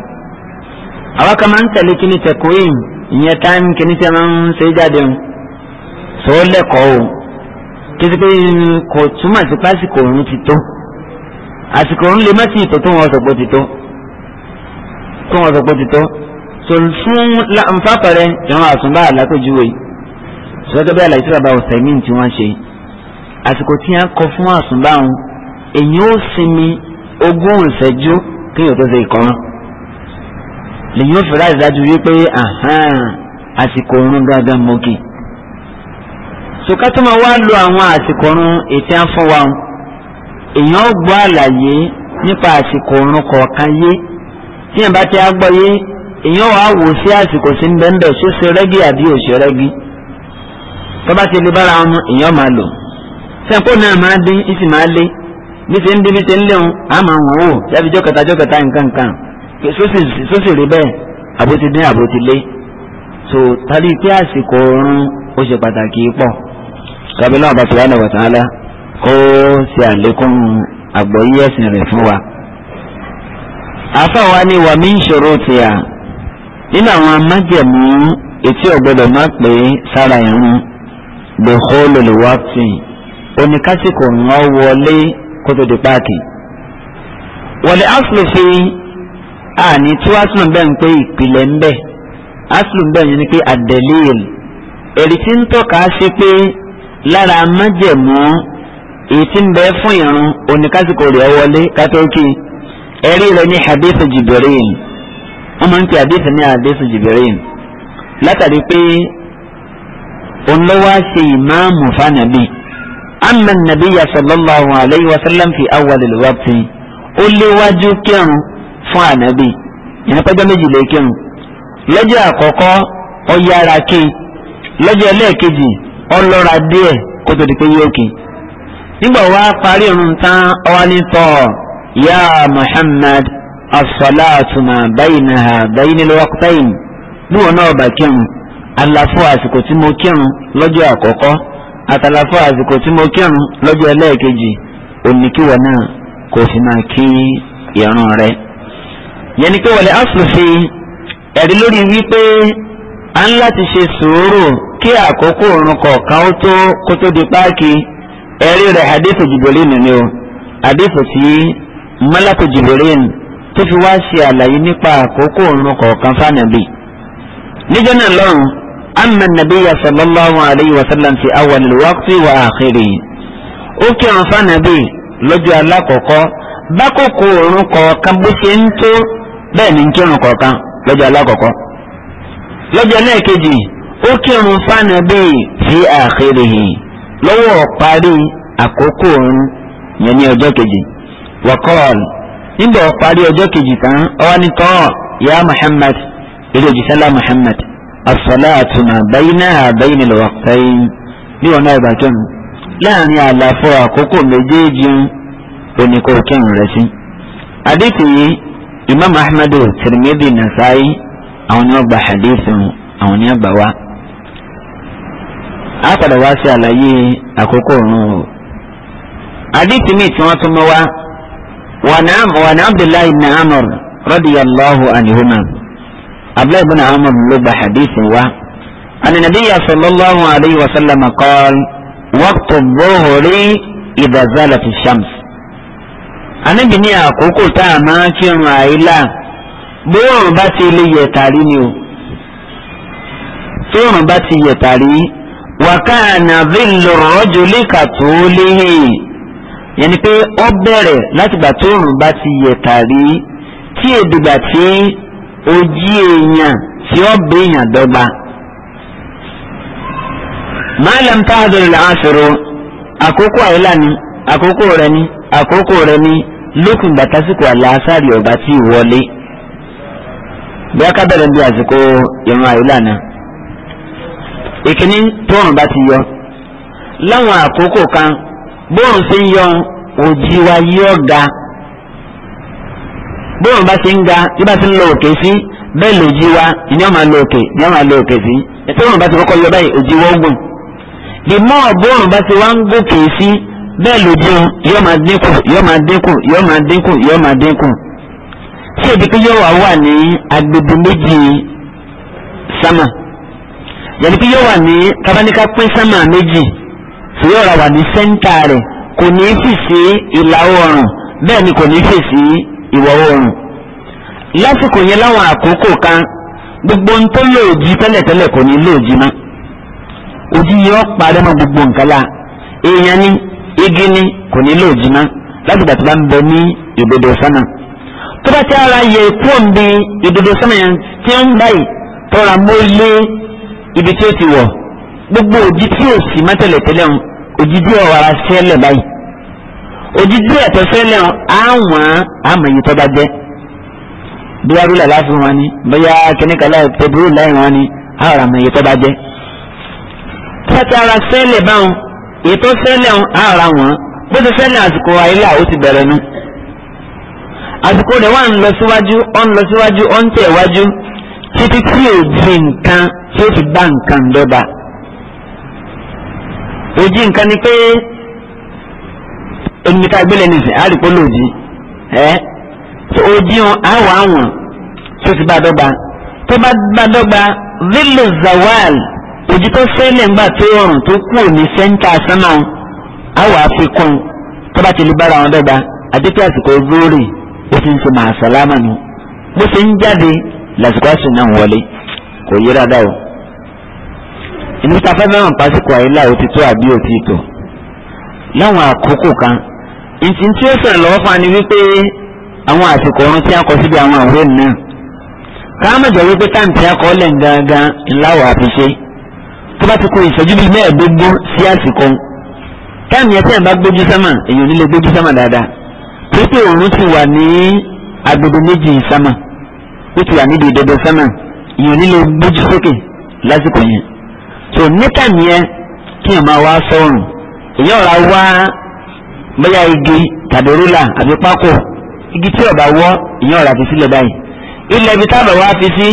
Speaker 2: àwa kan máa ń tẹ̀lé kíní tẹ̀kọ́yìn ìyẹn táìmù kíní tẹ̀ máa ń ṣe jáde o sọ ó lẹ́kọ̀ọ́ o títí pé kò túmọ̀ sí pásìkò òun ti tó àsìkò òun lè má sí ìtò tó wọn sọ pé ti tó tó wọn sọ pé ti tó sọ fún nfàpẹrẹ ìran àsùnbà àlákòjúwe sọ́jọ́ bẹ́ẹ̀ làyíṣẹ́ bàbá ọ̀sẹ̀mí tí wọ́n ṣe àsìkò tí wọ́n kọ fún àsùnbà òun èyí ó sinmi ogún ìṣẹ́jú kéèyàn tó ṣe ìkọ́rán lèyìn ó fìrà ìdájú wípé àsìkò oorun gángan mọ́kì. sùkátùmọ̀ wá lo àwọn àsìkò oorun ètí á fún wa èèyàn ó gbọ́ àlàyé nípa àsìkò oorun kọ̀ọ̀kan yé tí yẹn bá ti á gbọ́ yé èèyàn wàá wò sí àsìkò sí ń bẹ́ẹ̀ bẹ́ẹ̀ ṣó ṣe rẹ́gí àbí ò ṣe rẹ́gí tọ́ba ti lè bára wọn èèyàn máa lò sẹ́ńpó náà máa dín ìsì máa lé bí ṣe ń dín bí ṣe ń léun àmọ́ wọn ò sósì rí bẹ́ẹ̀ àbó ti dín àbó lé so tali pé àsìkò oorun ó ṣe pàtàkì pọ̀ tàbí náà bá tìwá náà wọ̀tánlá kó ṣe àlékún àgbọ̀yé ẹ̀sìn rẹ̀ fún wa. àfàwa ni wàmí ìṣòro ti à nínú àwọn amájẹ̀mú etí ọ̀gbọ́dọ̀ má pé sára ìrún the whole of the world thing oníkásìkò ń wọlé kó di páàkì. wọ̀lẹ̀ áfúlùfín àní ah, tí aslum bẹ́ẹ̀ ń pé ìpìlẹ̀ ń bẹ̀ aslum bẹ́ẹ̀ yẹn ni pé ad-dalil èrì tí ń tọ́ka sí pé lára májẹ̀mú èyí tí ń bẹ fún ìrun oníkásíkò rẹ̀ wọlé kátókì ẹ̀rí rẹ̀ ní hadith Jibril wọ́n máa ń pè hadith ní hadith Jibril látàrí pé òun ṣe ìmáàmù fanabi amma nabiya sallallahu alayhi wa sallam fi awwal al-waqti ó léwájú kírun. fún ànábì ìyẹn pẹ́jọ́ méjì lè lọ́jọ́ àkọ́kọ́ yára ké lọ́jọ́ ẹlẹ́ẹ̀kejì lọ́ra díẹ̀ kó tó di pé yóò ké nígbà parí irun tán ní ya Muhammad bí wọn náà bá kírun àlàfo àsìkò tí mo kírun lọ́jọ́ àkọ́kọ́ àtàlàfo àsìkò tí mo kírun lọ́jọ́ ẹlẹ́ẹ̀kejì òní kí wọn náà kò sì máa kí yẹn ni pé wọlé asòfin ẹ̀rí lórí wípé a ń láti ṣe sùúrù kí àkókò òrùn kọ̀ọ̀kan ó tó kó tó di páàkì ẹ̀rí rẹ̀ hadithu Jibril ni o hadithu tí malaku Jibril tó fi wá ṣe àlàyé nípa àkókò òrùn kọ̀ọ̀kan fànàbì níjọ́ náà lọ́rùn amma nabiyya sallallahu alayhi wa sallam fi awwal waqti wa ó kí àwọn fànàbì lọ́jọ́ alákọ̀ọ́kọ́ bákòókò òrùn kọ̀ọ̀kan bó ṣe ń tó bẹ́ẹ̀ ni nkírun kọ̀ọ̀kan lọ́jọ́ alákọ̀ọ́kọ́ lọ́jọ́ ẹlẹ́ẹ̀kejì ó kírun fáànà bíi fi àkèrèhì lọ́wọ́ parí àkókò òun yẹn ní ọjọ́ kejì wakọ́ọ̀l nígbà ó parí ọjọ́ kejì tán ọwọ́ ní tọ́ ya Muhammad ilé òjísálà Muhammad asalaatu ma bayna bayna lọ́wọ́kẹ́yìn bí wọn náà bá kírun láàrin àlàfo àkókò méjèèjì oníkó rẹ̀ sí. àdìsí yìí imam ahmed tirimidi nasaayi àwọn ni wọ́n gba hadithu àwọn ni wọ́n gbà wá. a padà wá sí àlàyé àkókò òun o. hadithi mi tí wọ́n tún mọ́ wá wà ní abdullahi ibn amr radiyallahu anhuma abdullahi ibn amr ló gba hadithu wá. أن النبي صلى الله عليه وسلم قال وقت الظهر إذا زالت الشمس anábì ní àkókò tá a máa kírun àìlà bóyá òun bá ti lè yẹ̀tàrí ni o tóòrùn bá ti yẹ̀tàrí wàkàna bílò rọ́jòlì kàtó léhe yẹni pé ó bẹ̀rẹ̀ látìgbà tóòrùn bá ti yẹ̀tàrí tí èdìgbà tí ojí èèyàn tí ó bẹ èèyàn dọ́gba. máàlám táàdùn làásìrò àkókò àìlà àkókò rẹ ni àkókò rẹ ni lókun ìgbà tásìkò àlàásàrì ọba tí wọlé bí aka bẹ̀rẹ̀ bí àsìkò ìrun àìlànà ìkíní tóòrùn bá ti yọ láwọn àkókò kan bóòrùn ṣe ń yọ òjì wa yọ ga bóòrùn bá ṣe ń ga bí bá ṣe ń lọ òkè sí bẹ́ẹ̀ lòjì wa ìní ọ̀ma lọ òkè ìní ọ̀ma lọ òkè sí tóòrùn bá ti kọ́kọ́ yọ báyìí òjì wọ́gùn the more bóòrùn bá ṣe wá ń gòkè sí bẹ́ẹ̀ lòdì o yóò máa dínkù yóò máa dínkù yóò máa dínkù yóò máa dínkù ṣé ibi pé yóò wá wà ní agbègbè méjì sámà yẹni pé yóò wà ní kábáníkà pín sámà méjì tí yóò ra wà ní sẹ́ńtà rẹ̀ kò ní í fèsì ìlà oòrùn bẹ́ẹ̀ ni kò ní í fèsì ìwọ̀ oòrùn lásìkò yẹn láwọn àkókò kan gbogbo ń tó lòdì tẹ́lẹ̀tẹ́lẹ̀ kò ní lòdì mọ́ mọ́ gbogbo nǹkan la èèyàn igi ni kò ní lò jìnnà láti gbà tó bá ń bẹ ní ìdodo sánà tó bá ti ara yẹ ikú òǹbi ìdodo sánà yẹn tí ó ń báyìí tọ́ra mọ́ lé ibi tí ó ti wọ̀ gbogbo òjì tí ò sì má tẹ́lẹ̀ ń òjì díẹ̀ wàrà sẹ́lẹ̀ báyìí òjì díẹ̀ tó sẹ́lẹ̀ ń àwọn àmọ̀yí tó bá jẹ́ bí wàá rúlà láàfin wọn ni bóyá kẹ́nìkan láì pẹ̀lú láì wọn ni àwọn àmọ̀yí tó bá jẹ́ tó bá ti ara sẹ́lẹ̀ báwọn ètò ṣẹlẹ̀ ara wọn bó ti ṣẹlẹ̀ àsìkò àìlà ó ti bẹ̀rẹ̀ nu àsìkò rẹ̀ wà ń lọ síwájú ó ń lọ síwájú ó ń tẹ̀ wájú títí tí ò di nǹkan tí ó fi bá nǹkan dọ́ba òjì nǹkan ni pé onímọ̀ta gbélé nìsín àríkó lòdì ẹ́ tó òjì hàn áwọ̀ àwọn tí ó fi bá dọ́ba tó bá dọ́ba lílo zawal ojú tó ńgbà tó ọ̀rùn tó kúrò ní sẹ́ńtà sánà àwọ̀ àfikún tó bara ti lè bára wọn dọ́gba àdékù àsìkò gbóòrè ó ti ń ṣe màá sàlámà nù bó ṣe ń jáde lásìkò náà wọlé kò yé o. ìlú ta mẹ́wọ̀n pásíkò àyílá ó ti tó àbí ti tò láwọn àkókò kan ìtì tí ó sọ̀rọ̀ lọ́wọ́ fún wa ni wípé àwọn àsìkò tó bá ti kó ìṣẹ́jú bíi mẹ́ẹ̀ẹ́dógún sí àsìkò táàmì ẹ̀tẹ́ bá gbójú sámà èyí ò ní lè gbójú sámà dáadáa pépè òòrùn ti wà ní agbègbè méjì sámà ó ti wà níbi ìdodo sámà èyí ò gbójú sókè lásìkò yẹn tó ní táàmì ẹ kí ẹ máa wá sọ́run èyí ọ̀rá wá bóyá igi tàbí rúlà àbí pákó igi tí ọ̀bà wọ́ èyí ọ̀rá fi sílẹ̀ báyìí ilẹ̀ ibi táàbà wá fi sí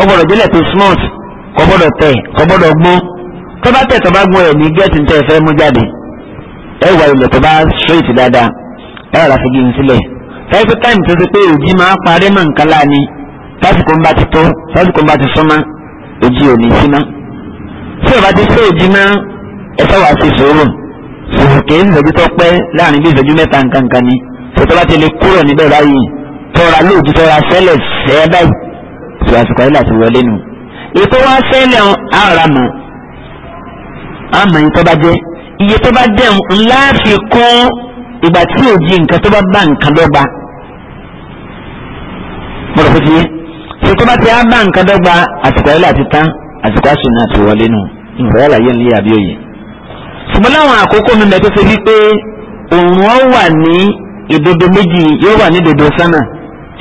Speaker 2: ọgbọ̀dọ̀ kò gbọ́dọ̀ tẹ̀ kò gbọ́dọ̀ gbó tó bá tẹ̀ tó bá gbó ẹ̀ ní gẹ́ẹ̀tì tẹ̀ fẹ́ mú jáde ẹ wà ilẹ̀ tó bá straight dáadáa ẹ rà fi gírin sílẹ̀ fẹ́ẹ́fẹ́ táìmù tó ti pé òjì máa parí mọ̀ nǹkan láàánú lásìkò ń bá ti tó lásìkò ń bá ti súnmọ́ òjì ò ní síná tí ọba ti fẹ́ òjì náà ẹ fẹ́ wàá sí sòrò sòrò kìí ìṣẹ́jú tó pẹ́ láàrin bí ìṣẹ́jú mẹ́ta nǹkankan ni tòtò bá ti lè kúrò níbẹ̀ báyìí tọ́ra lóòjì tọ́ra ètò wa sẹ́lẹ̀ ara mọ̀ àmọ̀ yìí tó bá jẹ́ iye tó bá dẹ̀ ńlá fi kún ìgbà tí ò jí nǹkan tó bá bá nǹkan dọ́gba mo rò fún ti yé ṣe tó bá ti á bá nǹkan dọ́gba àsìkò ayé láti tán àsìkò àṣùnà àti wọlé nù ìfẹ́ àlàyé ńlẹ́ àbí ṣùgbọ́n láwọn àkókò mi mẹ́tọ́ ṣe wípé òòrùn ọ wà ní ìdodo méjì yóò wà ní ìdodo sánà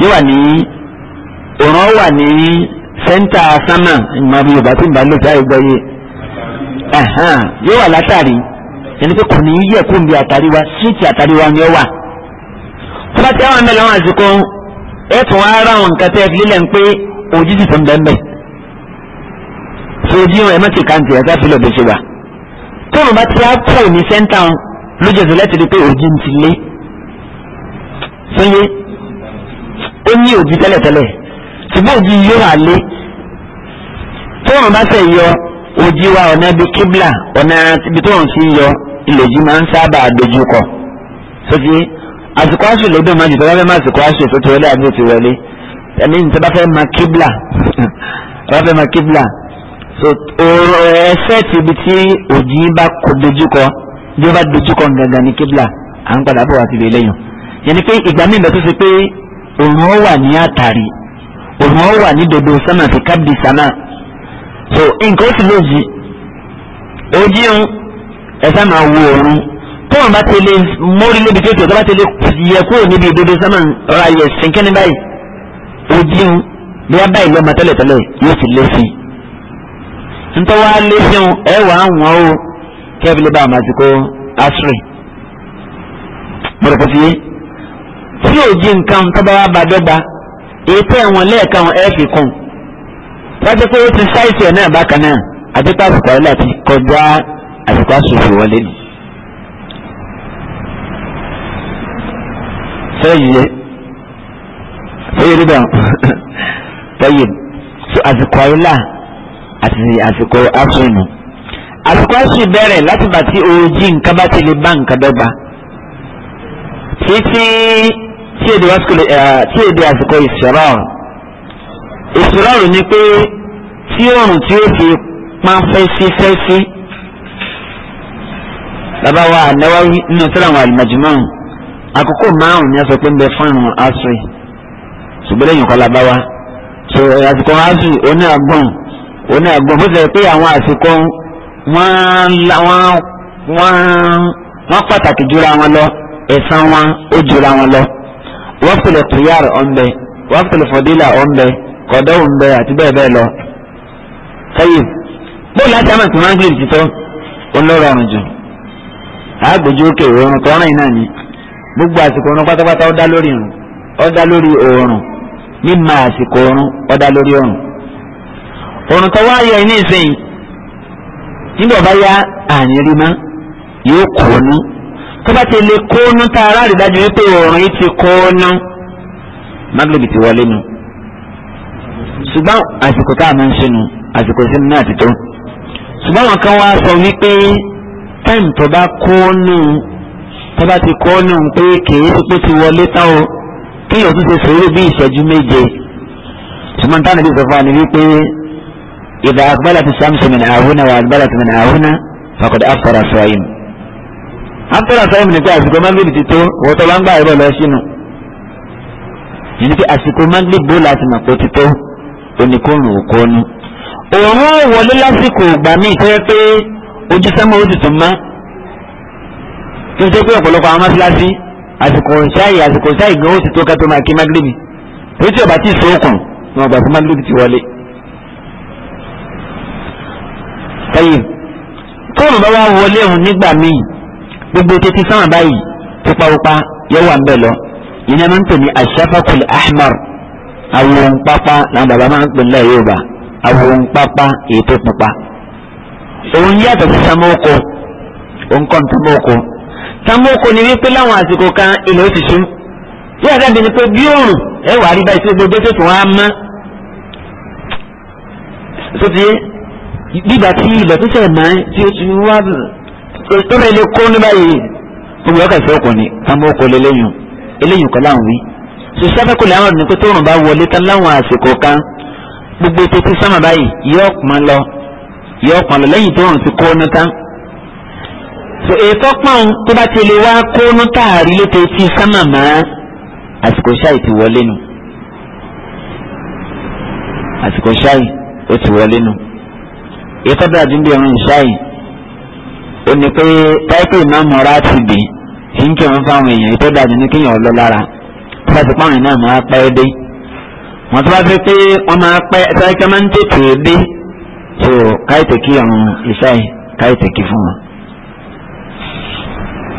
Speaker 2: yóò wà ní òòrùn ọ wà ní sẹ́ńtà sánmà ìmọ̀ràn yorùbá tí ń bá lóòótọ́ àìgbọ́ yé yóò wà látàrí ẹni pé kò ní yí ẹ̀kú ń bi àtàríwá síìtì àtàríwá ni ó wà. tó bá ti àwọn mẹ́lẹ̀ wọn àsìkò ẹ tún wá ara àwọn nǹkan tẹ́ ẹ fi ń pé òjijì tó ń bẹ́ẹ̀ bẹ́ẹ̀. tó o jíun ẹ má ti kàǹtì ẹ sáfi lọ́bẹ̀ ṣe wà. tóun bá ti wá kú ní sẹ́ńtà lójú ẹ̀sìn láti rí pé òjì ń ti lé. sọ́yé ó ní òjì tẹ́lẹ̀tẹ́lẹ̀ ṣùgbọ́n òjì yóò wà lé tó wọn bá fẹ́ yọ òjì wa ọ̀nà ibi kíbla ọ̀nà ibi tó wọn ti yọ ìlòjì máa ń sábà dojúkọ sọtí àsìkò àṣù lóde máa jù tó bá fẹ́ máa àsìkò àṣù tó ti wọlé àbí tó ti wọlé ẹni tó bá fẹ́ máa kíbla bá fẹ́ máa kíbla ọ̀rọ̀ ti ibi tí òjì bá kò dojúkọ bí ó bá dojúkọ gangan ní kíbla à ń padà bọ̀ wá síbi eléyìí yẹn ni pé ìgbà míì bẹ́ẹ̀ tó ṣe pé òun ó wà ní àtàrí òun ó wà ní dodo sánmà ti kábìdì sánmà so nǹkan ó sì lòdì ojú ń ẹ̀sán máa wo òun tó wọn bá ti lè mórí lébi tó tó tó bá ti lè yẹ kúrò níbi dodo sánmà ọ̀rọ̀ ayẹ sìnkẹ́ni báyìí ojú ń bí wọ́n báyìí lọ́mọ tẹ́lẹ̀tẹ́lẹ̀ yóò sì lé sí i ntọ́wá lé sí i ẹ̀ wà á wọ̀n o kẹ́bí lè bá àwọn àsìkò asiri mọ̀rọ̀kọ̀tì yìí tí òjì nǹkan tọ́ba wa bá dọ́gba ètò ẹ̀wọ̀n lẹ́ẹ̀kan ẹ̀ fi kún wájú pé ó ti ṣáìsì ẹ̀ náà bákan náà àdúgbò àsìkò ayé láti kọjá àsìkò àsòfò wọlé nù. sẹ́yìnyẹ sẹ́yìn nígbà sẹ́yìn so àsìkò ayé là àti àsìkò àsòfò nù àsìkò àsòfò bẹ̀rẹ̀ láti bàtí òòjì nǹkan bá ti lè bá nǹkan dọ́gba títí èdè wáṣíkòlè eh, tí èdè àsìkò ìṣòrọrùn ìṣòrọrùn ni pé tí òrùn tí ó fi pán fẹ́sí fẹ́sí bàbá wa ànáwáwí nínú tí àwọn àlùmọ̀jùmọ̀ àkókò márùn ni a sọ pé ń bẹ fún ìrùn asiri ṣùgbọ́n lẹ́yìn kọ́ làbá wa so eh, àsìkò asiri oní àgbọ̀n oní àgbọ̀n bó ṣe pé àwọn àsìkò wọ́n pàtàkì jura wọn lọ ẹ̀san wọn ó jura wọn lọ wọ́pẹ̀lẹ̀ kìyàr ọ̀nbẹ wọ́pẹ̀lẹ̀ fọ̀dílà ọ̀nbẹ kọ̀dọ̀ ọ̀nbẹ àti bẹ́ẹ̀ bẹ́ẹ̀ lọ. sẹ́yìn bó láti àmọ̀ tí wọ́n ń gbèsè tó olóró ọ̀rùn jù àgbèjì òkè òórùn tọ́ràn iná ni gbogbo àsìkò ọ̀run pátápátá ó dá lórí òórùn ó dá lórí òórùn mímọ àsìkò ọ̀run ó dá lórí òórùn. òórùn tó wá yọ iná ìsìn nígbà bá yá ànírímá yóò kùnú tó bá ti lè kóónú tá a ráàlì dájú wípé òòrùn yìí ti kóónú magrebi ti wọlé nu ṣùgbọ́n àsìkò tá a máa ń ṣe nu àsìkò sínú náà ti tó ṣùgbọ́n àwọn kan wá sọ wípé táìmù tó bá kóónú tó bá ti kóónú pé kìí ṣe pé ti wọlé tán o kéèyàn tún ṣe sòwúrò bí ìṣẹ́jú méje ṣùgbọ́n táwọn ìdí sọ fún wa ni wípé ìdá àgbàlá ti sàmùsùn mi ní àhúnà wà àgbàlá ti mi ní àhúnà fàkọ̀dé àfọ̀rọ̀ àfọ̀rọ̀ yìí after five minutes àsìkò mangiri ti tó wọ́tọ́ bá ń gbà ẹ̀rọ lọ sínú yìí pé àsìkò mangiri bó láti mà pé ti tó oníkóòrùn òkú ni. òórùn wọlé lásìkò ìgbà míì tó yẹ pé ojú sẹ́mọ̀ ó tutù mọ́ tó ṣe pé ọ̀pọ̀lọpọ̀ àwọn mọ́síláṣí àsìkò ṣáì àsìkò ṣáì gan ó ti tó kátó máa kí mangiri mi tó tí ọba tí ì sókùn wọn gbà fún mangiri ti wọlé. tẹ́yìn bá wá wọlé òun nígbà míì gbogbo tó ti sáwọn báyìí tipawupa yóò wà nbẹ lọ ìyẹn máa ń pè ní ashafakul ahmar awọn pápá làwọn bàbá máa ń pè ní Yorùbá awọn pápá ètò pupa òun yàtọ̀ sí samoko òǹkọ́n tamoko tamoko ni wípé láwọn àsìkò kan ilẹ̀ ó ti sùn yóò dábì ni pé bí òòrùn ẹ wà rí báyìí sí gbogbo tó tún wá mọ́ sóti bíbá tí ilẹ̀ tó sẹ̀ máa tí ó ti wá bẹ̀rẹ̀ tóbi ilé kó ní báyìí gbogbo ọkà ìfẹ́ ọkùnrin táwọn ọkọ lélẹ́yìn eléyìí kọ́ láwọn wí ṣùṣẹ́ fẹ́ kó lè àwọn ọ̀dùnkún tó rùn bá wọlé tán láwọn àsìkò kan gbogbo tètè sánmà báyìí yọ ọ̀pọ̀n lọ yọ ọ̀pọ̀n lọ lẹ́yìn tó rùn ti kó ní tán so ètò pọ́n tó bá ti lè wá kó ní tààrí ló tètè sánmà mọ́ àsìkò ṣáì ti wọlé nu àsìkò ṣáì ó ti wọlé nu ètò bá dùn bí ṣáì ó ní pé táìpì ìmáàmù rátìbì kì í kírun fáwọn èèyàn ìtọ́ dájú ní kéèyàn lọ lára tó bá ti pààrọ̀ náà máa pẹ́ dé wọ́n tó bá fi pé wọ́n máa pẹ́ táìpì máa ń tètè dé tó káyìtì kí àwọn ìṣáì káyìtì kí fún wọn.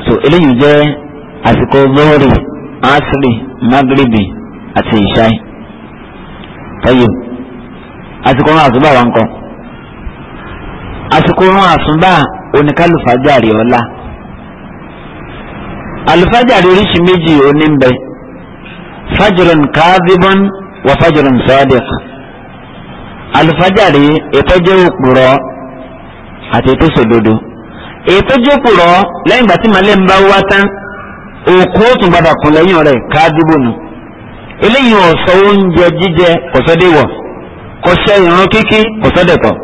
Speaker 2: so eléyìí jẹ́ àsìkò lóòrì asiri magribi àti ìṣáì tọ́yìn àsìkò wọn àtúbà wọn kọ àsìkò wọn àtúbà oníkàlùfájàrí ọ̀la alùfájàrí oríṣi méjì onímbẹ fájìrún káàdìbọn wà fájìrún sadiq alùfájàrí ìtọ́jú òpùrọ̀ àti ìtòsòdodo ìtọ́jú òpùrọ̀ lẹ́yìn ìgbà tí màálẹ̀ ń bá wá tán òkú ó tún gbàdà kún lẹ́yìn rẹ̀ káàdìbọn eléyìí ọ̀sọ́ oúnjẹ jíjẹ kọ̀sọ́dẹ̀wọ̀ kọ̀sẹ́ ìran kíkí kọ̀sọ́dẹ̀kọ̀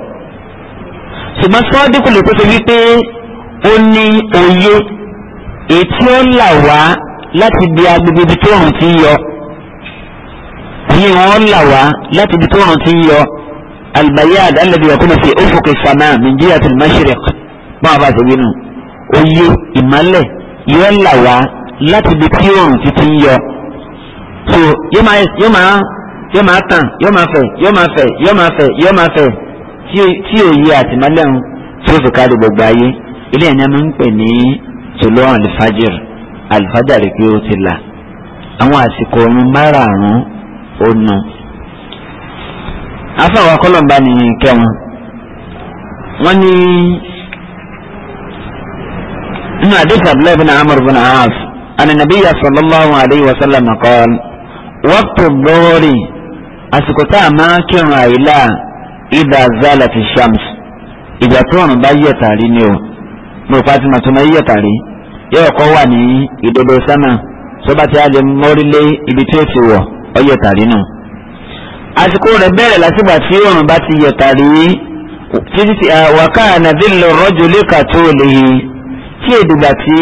Speaker 2: ṣùgbọ́n sọ́ọ́dínkù lè pèsè wípé ó ní òye ètí ó là wá láti di agbègbè ibi tó hàn ti yọ òye wọn là wá láti ibi tó hàn ti yọ albayad alladhi yakunu fi ufuqi samaa min jihatil mashriq báwa bá ṣe wínú òye ìmálẹ̀ yóò là wá láti ibi tí òòrùn ti ti ń yọ so yóò máa yóò máa tàn yóò máa fẹ̀ yóò máa fẹ̀ yóò máa fẹ̀ yóò máa fẹ̀ tí òye àtìmọ́lẹ̀ ń tó fi kárí gbogbo ayé ilé ẹni máa ń pè ní tòló alifajir alifajir pé ó ti là àwọn àsìkò ọ̀run márààrún ó nu. afáwọn akọlọ́mbà ni kẹwọn wọn ní nínú àdéhùn abúlé bin amr bin aaf àni nàbíyà sallallahu alayhi wa sallam kọ́ wọ́pọ̀ bọ́ọ̀rì àsìkò tá a máa kírun àyílá ìdá zalati shams ìgbà tó ọ̀run bá yẹ̀ tàrí ni o mo pa ti mà tó ma yẹ̀ tàrí yẹ ọkọ wà ní ìdodo sánà sọba tí a lè mórílé ibi tí ó ti wọ̀ ọ yẹ̀ tàrí nù. àsìkò rẹ̀ bẹ̀rẹ̀ látìgbà tí ọ̀run bá ti yẹ̀ tàrí títí àwàká nàdìlọ rọ́jò lẹ́ka tó lè yí tí èdìgbà tí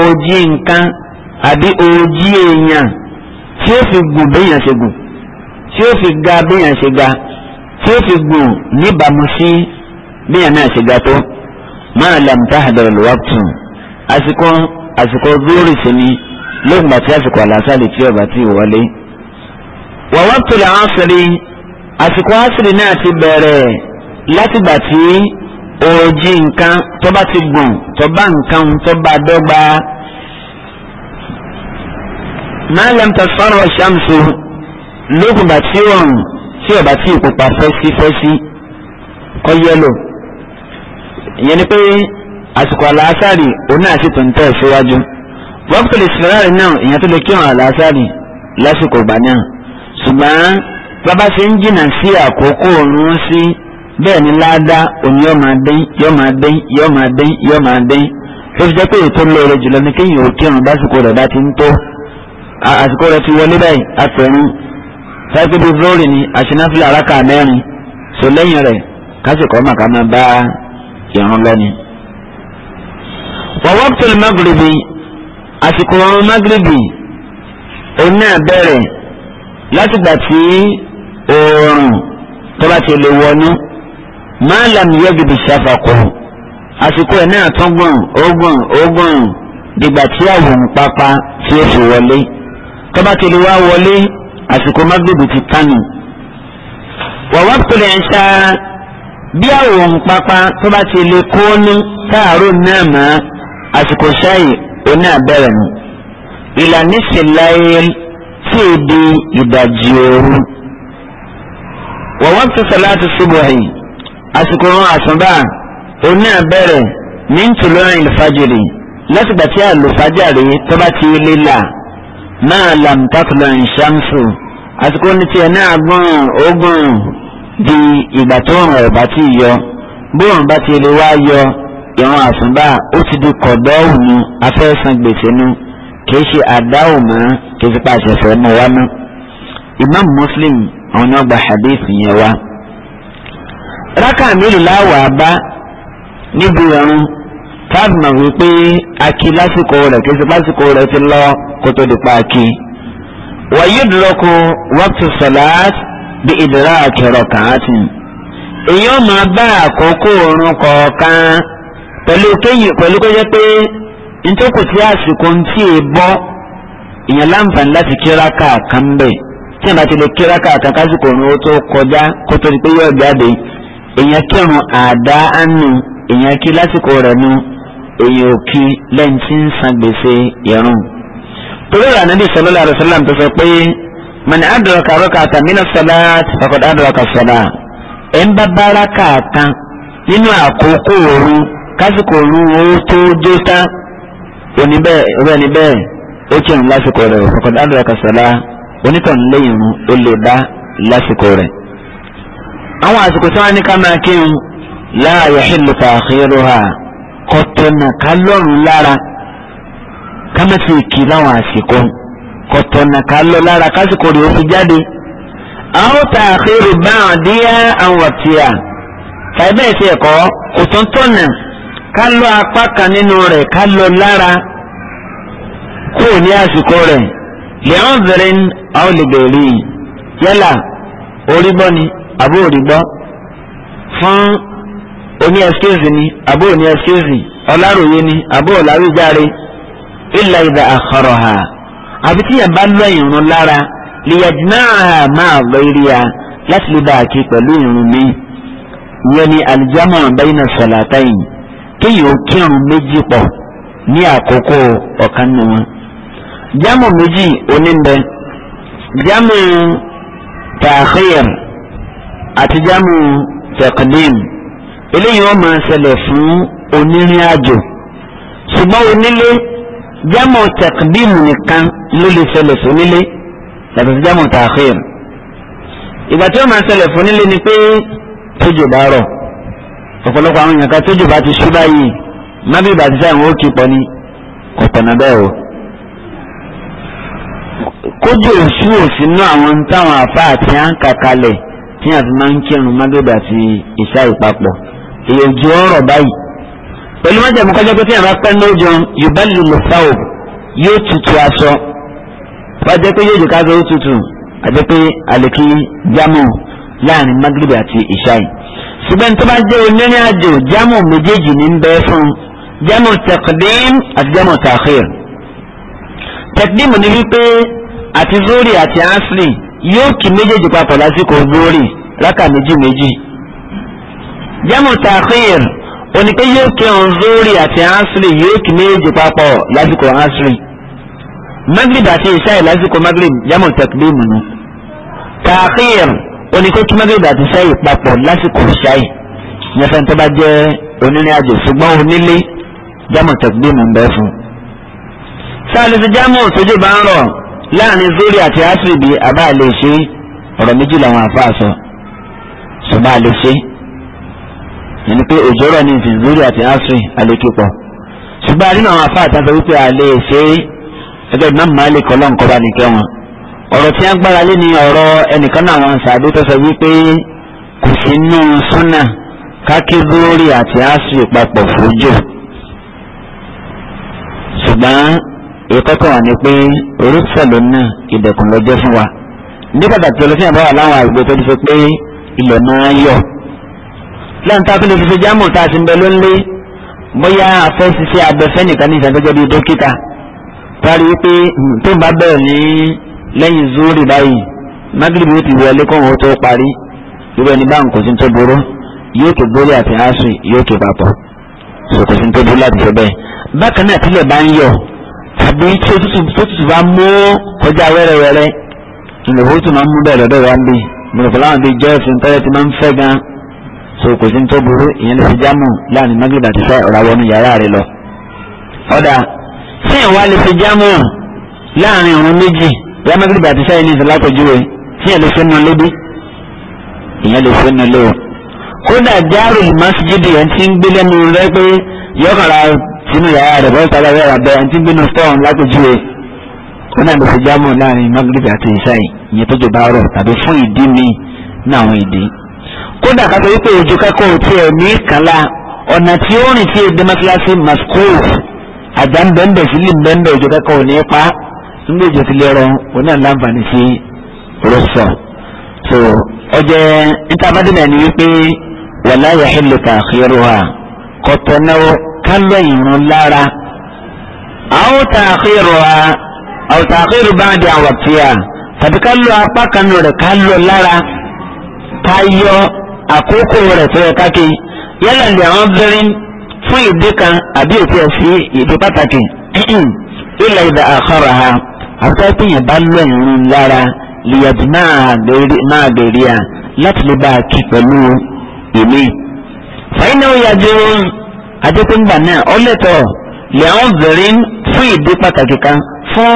Speaker 2: òjì nǹkan àbí òjì èèyàn tí ó fi gùn béèyàn ṣe gùn tí ó fi ga béèyàn ṣe ga tí ó fi gùn níbàámu sí bíyàn náà ṣe ga tó máa làm táhàdàrà lọ́wọ́ tù àsìkò àsìkò dúró sí ni lóògùn àti àsìkò àlàáfíà lè tí ọba ti wọlé. wàwá tó lè ásìrì àsìkò ásìrì náà ti bẹ̀rẹ̀ látìgbà tí òòjì nǹkan tó bá ti gùn tó bá nǹkan tó dọ́gba. máa làm tàṣàrọ̀ ṣàmùsù lóògùn àti ọ̀hún tí ọba tí ìpupa fẹ́sí fẹ́sí kọ́ yẹ́lò ìyẹn ni pé àsìkò àlàásàrì òun náà sì tó ń tẹ̀ síwájú wọ́pẹ̀lì sìfẹ́rẹ́rì náà ìyẹn tó lè kírun àlàásàrì lásìkò ìgbà náà ṣùgbọ́n bàbá ṣe ń jìnnà sí àkókò òun sí bẹ́ẹ̀ ni ládàá òun yóò máa dín yóò máa dín yóò máa dín yóò máa dín tó fi jẹ́ pé ètò lóore jùlọ ni kéèyàn ò kírun lásìkò rẹ̀ bá ti ń tó àsìkò rẹ̀ ti wọlé báyìí sáyẹ́kẹ́bí flori ni àṣenáfíà araka mẹ́rin so lẹ́yìn rẹ̀ kásìkọ́ màkà máa bá ìrún lọ́ni. wọ́wọ́ pẹ̀lú magrebi àsìkò ọ̀run magrebi òun náà bẹ̀rẹ̀ látìgbà tí oòrùn tó bá ti lè wọnú máa làm yẹ́gìbì ṣàfàkọ́ àsìkò ẹ̀ náà tún gbọ̀n ógbọ̀n ógbọ̀n dìgbà tí àwọn pápá tí ó fi wọlé tó bá ti lè wá wọlé àsìkò magrib ti tánu wàwá pèlè ẹ̀ṣá bí àwòrán pápá tó bá ti lè kó ní sáàrò náà mọ́ àsìkò ṣáì oní àbẹ̀rẹ̀ nù ìlànà ìṣẹ̀láyé tí ì di ìdajì ooru wàwá pèsè láti ṣubú ẹ̀yìn àsìkò wọn àsùnbà oní àbẹ̀rẹ̀ ní ntùlọ́rìn ìfàjìrì lọ́sìgbà tí àlùfájàre tó bá ti lè là náà làǹtàkùlọ̀ ìṣàmṣù àsìkò ní tiẹ̀ náà gbọ́n ogún di ìgbà tó ń rọ̀ bá ti yọ bóun bá ti lè wá yọ ìran àsùnbà ó ti di kọ̀dọ́ọ̀hù nu afẹ́sàn gbèsè nu kìí ṣe àdáhù mọ́ kìí ṣe pàṣẹ fẹ́ mọ́ wá mọ́. Imam Muslim àwọn ni hadith yẹn wá. rákà mélòó láwàá bá níbi ọ̀run táàbù mọ̀ wípé aki lásìkò rẹ̀ kí lásìkò rẹ̀ ti lọ kó tó di pa aki. wàyí dùrọ̀kù wọ́pù sọ̀láàt bí ìdúrà àkẹrọ kàátì. èyí ó máa bá àkókò oorun kọ̀ọ̀kan pẹ̀lú kéyìn pẹ̀lú kó jẹ́ pé ntòkù sí àsìkò ntí èèbọ̀ ìyẹn láǹfààní láti kíráka kan bẹ̀ tí a ti lè kíráka kan kásìkò oorun ó tó kọjá kó tó di pé yóò jáde èèyàn kírun àdá ánú èèyàn kí lásìkò rẹ̀ nu èyàn ò kí lẹ́yìn tí ń san gbèsè ìrun. torí ọ̀rọ̀ ànábì sallallahu alaihi wasallam tó sọ pé man adraka rak'atan mina salat faqad adraka salat ẹ̀ ń bá bára kàtàn nínú àkókò òru kásìkò òru ó tó jó tán oníbẹ̀ rẹ̀ níbẹ̀ ó ti rìn lásìkò rẹ̀ faqad adraka salat onítàn lẹ́yìn ó lè bá lásìkò rẹ̀. àwọn àsìkò tí wọ́n ní ká máa kírun la yahillu ta'khiruha kọtọnà kálọrùn lára ká má sì kí láwọn àsìkò kọtọnà kálọ lára kásìkò rè ó fi jáde. àwọn tààkìrì bá àdíyá àwọn ọ̀tíyà fàìbẹ́ ìfẹ́ ẹ̀kọ́ kò tán tọ̀nà kálọ apá kan nínú rẹ̀ kálọ lára kó ní àsìkò rẹ̀ lẹ́yìn obìnrin àwọn olùbẹ̀rẹ̀ yálà orí gbọ́ ni àbó orí gbọ́ fún oní ẹsikẹ́sì ni àbó oní ẹsikẹ́sì ọláròyé ni àbó ọ̀làwíjàre ìlà ìdá àkọrọ̀ ha àbí tíyẹn bá lọ ìrún lára lìyàjìnà ha máa lọ irí ya láti lè bá a kí pẹ̀lú ìrún mi ìyẹn ni alìjámọ̀ bẹ́yìn sọ̀làtàyìn kéèyàn ó kírun méjì pọ̀ ní àkókò ọ̀kan nù wọn. jámù méjì onímbẹ jámù tààkìyàn àti jámù tẹ̀kídìmù eléyìí wọn máa ṣẹlẹ̀ fún onírìn àjò ṣùgbọ́n onílé jámọ̀ tẹ̀kídìmù nìkan ló lè ṣẹlẹ̀ fún onílé yàtọ̀ sí jámọ̀ tààkìr ìgbà tí wọn máa ṣẹlẹ̀ fún onílé ni pé tójò bá rọ̀ ọ̀pọ̀lọpọ̀ àwọn èèyàn kan tójò bá ti ṣú báyìí nábì ìbàdí sáyẹn wọn ó kí pọ̀ ní ọ̀pọ̀nà bẹ́ẹ̀ o kójú òṣù òsínú àwọn táwọn àfáà ti à ń tí àti máa ń kírun mágbèbà àti ìṣá ìpapọ̀ èyí ò ju ọ̀rọ̀ báyìí pẹ̀lú májèmú kọjá pé téèyàn bá pẹ́ ní ojú yorùbá lulu sáwò yóò tutù aṣọ wájẹ́ pé yóò jù ká lóò tutù àti pé àlèkí jámù láàrin magrebi àti ìṣáì ṣùgbọ́n tó bá jẹ́ onírìn àjò jámù méjèèjì ní bẹ́ẹ̀ fún jámù tẹ̀kídìm àti jámù tàkìr tẹ̀kídìm ni wípé àti zori àti asli yóò kí méjèèjì papọ̀ lásìkò zori rákà méjì méjì jamu takhir òní pé yóò kí ọ̀n zórí àti asiri yóò kí méjì papọ̀ lásìkò asiri magrib àti ìṣáì lásìkò magrib jamu takdimu nù takhir òní pé kí magrib àti ìṣáì papọ̀ lásìkò ìṣáì nyẹfẹ tó bá jẹ́ onírìn àjò ṣùgbọ́n onílé jamu takdimu ń bẹ fún. sáà lè fi jamu tójú bá ń rọ̀ láàrin zórí àti asiri bíi àbá lè ṣe ọ̀rọ̀ méjì làwọn àfa àṣọ ṣùgbọ́n àlè ṣe ẹni pé òjò rọ̀ ní ìfì zuri àti asri àlékípọ̀ ṣùgbọ́n àdínà àwọn afá àtàkùn wípé àlè ṣe ẹgbẹ́ ìmọ̀ màálì kọ́ lọ́nkọ́ bá nìkẹ́ wọn ọ̀rọ̀ tí a gbára lé ní ọ̀rọ̀ ẹnìkan náà wọn sàdé tó sọ wípé kò sí nù súnà kákí zuri àti asri papọ̀ fújò ṣùgbọ́n ìkọ́kọ̀ wà ní pé orúkọ lónà ìdẹ̀kùn lọ́jọ́ fún wa ní pàtàkì olóṣèlú àbáwá láwọn àgbẹ̀ tó ti fi pé ilẹ̀ máa ń yọ̀ lẹ́ǹta tó lè fi ṣe jámù tá a ti ń bẹ ló ń lé bóyá afẹ́ ṣiṣẹ́ abẹ́fẹ́ nìkan ní ìṣàtọ́jọ́ bíi dókítà parí pé hmm, tó bá bẹ̀rẹ̀ ní lẹ́yìn zúrì báyìí magrebi ó ti wọlé kó wọn tó parí irú ẹni báwọn kò sí tó burú yóò tó borí àti asùn yóò tó papọ̀ so kò sí tó burú láti ṣe bẹ́ẹ̀ bákan náà tílẹ̀ bá ń yọ tàbí tí òtútù bá mú kọjá wẹ́rẹ́wẹ́rẹ́ ìlú òtútù máa ń mú bẹ́ẹ̀ lọ́dọ̀ wa ń bì mọ̀lẹ́fọ̀láwọn bíi jẹ́ ẹ̀sìn tẹ́lẹ̀ ti máa ń fẹ́ gan-an so kò sí ní tó burú ìyẹn ló fi jámù láàrin magrib àti ṣá ọ̀rọ̀ àwọn yàrá rẹ lọ. ọ̀dà tí ìwà lè fi jámù láàrin ọ̀run méjì bóyá magrib àti ṣá ní ìsọ̀lá pẹ̀júwe tí ìyẹn lè fi nà lóbi ìyẹn lè fi nà lò. kódà járù masjidi ẹ̀ ti ń gbé lẹ́nu rẹ pé yọkànlá sínú yàrá rẹ bọ́ sábà rẹ àbẹ ẹ̀ ti ń gbénu stọ́ọ̀n lápẹ̀júwe kódà lè fi jámù láàrin magrib àti ṣá ìyẹn tó jọba rọ tàbí fún ìdí mi náà àwọn kódà ká sọ wípé òjò kẹ́kọ̀ọ́ tí ẹ̀ ní kàlá ọ̀nà tí ó rìn sí èdè mọ́sálásí maskov àjà ń bẹ́ẹ̀ bẹ́ẹ̀ sí lè bẹ́ẹ̀ bẹ́ẹ̀ òjò kẹ́kọ̀ọ́ ní pa nígbà òjò ti lè rọ òun náà láǹfààní sí rọ́sọ̀ so ọjẹ́ ìtàbádìnà ni wípé wàlá yàhìlù ta'khiruha kọ̀tọ̀ kálọ̀ ìrún lára àwọn ta'khiruha àwọn ta'khiru ba'di àwọn tíya tàbí kálọ̀ apá kan rẹ̀ kálọ̀ lára tayọ àkókò rẹ̀ tó yẹ káàkiri yálà lè àwọn bẹ́rin fún ìdí kan àbí ètò ẹ̀sìn ìdí pàtàkì ilà ìdá àkọ́rọ̀ ha àfẹ́ pìyàn bá lọ ìrún lára lìyàdì náà bèrè à láti lè bá a kí pẹ̀lú èmi. fàyínà òyàjò adékúngbà náà ó lẹ́tọ̀ lè àwọn bẹ̀rin fún ìdí pàtàkì kan fún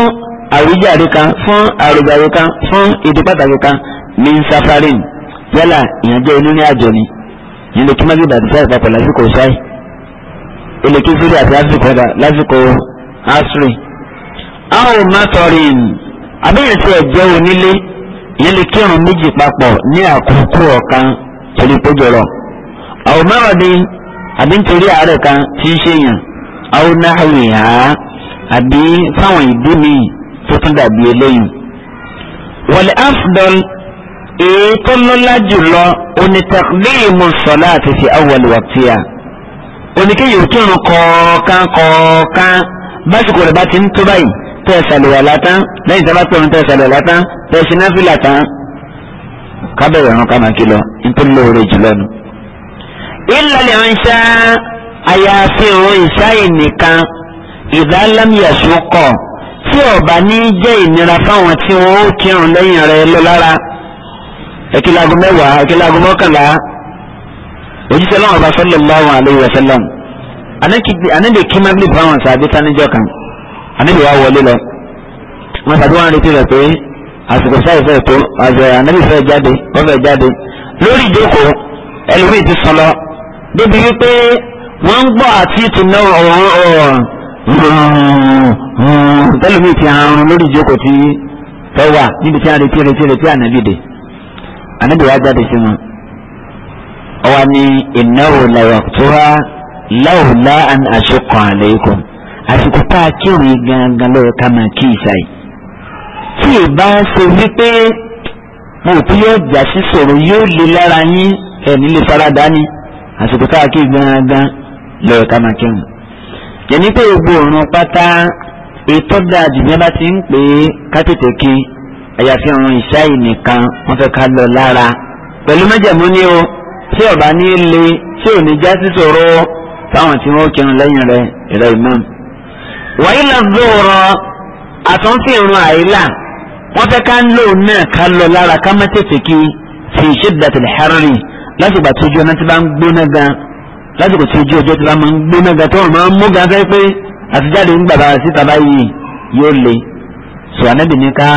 Speaker 2: àwíjàre kan fún àròjàre kan fún ìdí pàtàkì kan ní safarin yálà ìyẹn jẹ́ onírìn àjò ni ìyẹn lè kí mágídà àti sáì papọ̀ lásìkò sáì ó lè kí sírí àti lásìkò ọ̀dà lásìkò asiri. àwọn mátọrin abẹ́rẹ́ tí ẹ̀jẹ̀ onílé ìyẹn lè kírun méjì papọ̀ ní àkókò ọ̀kan torí péjọrọ̀ àwọn márùndín àbí nítorí àárẹ̀ kan tí ń ṣèyàn àwọn náà wì á àbí fáwọn ìdí mi tó tún dàbí eléyìí. wal afdal èyí tó lọ́lá jùlọ onítàkùnléèmù sọ̀lá àti fi awwal waqtiha oníkéyìí ò kírun kọ̀ọ̀kan kọ̀ọ̀kan básìkò rẹ̀ bá ti ń tó báyìí tẹ́ ẹ̀ sàlùwà látán lẹ́yìn tí a bá pẹ̀rù tẹ́ ẹ̀ sàlùwà látán tẹ́ ẹ̀ kábẹ̀rẹ̀ ọ̀run ká máa kí nítorí lóore jùlọ nu. ìlọlẹ̀ ń àyàfi òun ìṣáyè nìkan ìdálámìyàsókọ̀ tí ó bá ní jẹ́ ìnira fáwọn tí wọ́n ó kírun lẹ́yìn rẹ̀ lọ lára ẹ̀kílágún mẹ́wàá ẹ̀kílágún mọ́kànlá òjíṣẹ́ lọ́wọ́ ọba sallallahu alayhi wa sallam anábì kí máa bí báwọn sàbí sáníjọ kan anábì wá wọlé lọ wọn sàbí wọn retí rẹ pé àsìkò sáì fẹ́ tó àzẹ anábì fẹ́ jáde wọ́n fẹ́ jáde lórí ìjókòó ẹlòmíì ti sọlọ débi wípé wọ́n ń gbọ́ àti ìtùnú ọ̀rọ̀ tẹlifíì ti àrùn lórí ìjókòó ti fẹ́ wà níbi tí a retí retí retí ànábì dé ànábì wa jáde sí wọn. ọwọ́ ni ìnáwó làwọn tó wá láwùlá àn àṣekọ̀ àlẹ́kùn àsìkò tá a kírun gangan lọ́wọ́ ká máa kí ìsáyìí. tí ì bá ṣe wípé mo tí yóò jà sí sọ̀rọ̀ yóò lè lára yín ẹ̀mí lè farada ni àsìkò tá a kí gangan lọ́wọ́ ká máa kírun. yẹn ní pé gbogbo òrùn pátá ètò dáa jù bá ti ń pè é ká kí i àyàfi àwọn ìṣáì nìkan wọ́n fẹ́ ká lọ lára pẹ̀lú májẹ̀mú ni o tí ọba ní le tí ò ní já sí sòro fáwọn tí wọ́n kírun lẹ́yìn rẹ̀ ìrẹ imam. wàyí la zòòrọ àtúnfìrun àìlà wọ́n fẹ́ ká lò náà ká lọ lára ká má tètè kí fi ṣídàtì lẹ́hárì lásìkò àti ojú ọ̀nà tí bá ń gbóná gan lásìkò tí ojú ọjọ́ tí bá ń gbóná gan tó wọ́n máa ń mú gan fẹ́ pé àtijáde ń gbàgbà síta báyìí yóò le so anabi ní ká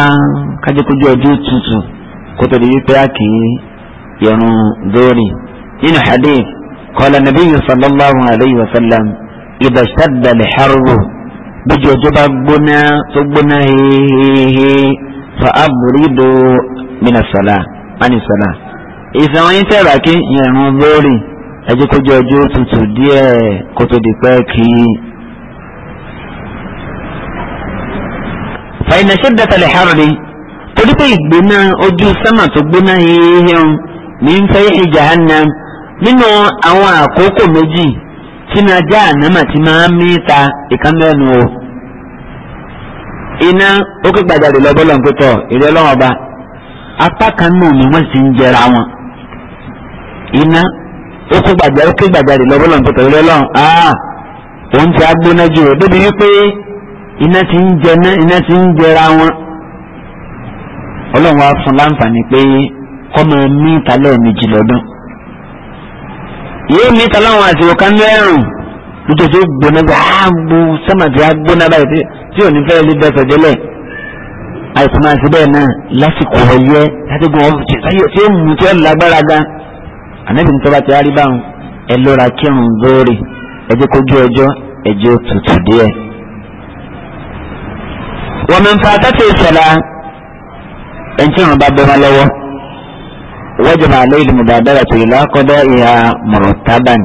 Speaker 2: kájẹkọjọ ọjọ́ tutù kótó di wípé a yẹrun dórí nínú hadith qala nabiyyu sallallahu alayhi wa sallam idha shadda al-harru bójú ọjọ́ bá gbóná tó gbóná hehehe fa abridu mina sala ani sala ìsàn yín tẹ̀ ràkí yẹrun dórí kájẹkọjọ ọjọ́ tutù díẹ̀ kótó di pẹ́ kì í. fàyínà ṣẹ́dátà lè hàrùdì torí pé ìgbóná ojú sánmà tó gbóná yééhìn ní ń fẹ́ jahannam nínú àwọn àkókò méjì tí na jahannama ti máa ń mìta ìkánmẹ́nu o iná ó ké gbàjáde lọ́bọ́lọ́ pẹ́tọ́ ìrẹ́lọ́wọ́ ọba apá kan náà ni wọ́n sì ń jẹra wọn iná ó ké gbàjáde lọ́bọ́lọ́ pẹ́tọ́ ìrẹ́lọ́wọ́ ah òun ti agbóná jù ó débi wípé. iná ti ń jẹná iná ti ń jẹra wọn ọlọ́run wa fún láǹfààní pé kọ́ máa mí ìtàlẹ́ méjì lọ́dún yóò mí ìtàlẹ́ àwọn a báyìí tí ò ní fẹ́ lé àìsàn máa ṣe bẹ́ẹ̀ náà lásìkò ọyẹ ti sáyọ tí ó mú tí ó lágbára gan ànábì ní tọ́ba ti ẹ lọ́ra kírun wọ́n mi nfa kátó ìṣẹ̀lá ẹ̀ńtí wọn bá bẹ́ẹ̀ lọ́wọ́ wọ́jọ́ máa lé ìlú dáadáa tó yìí lákọ́dá ìhà mọ̀rọ̀tábàn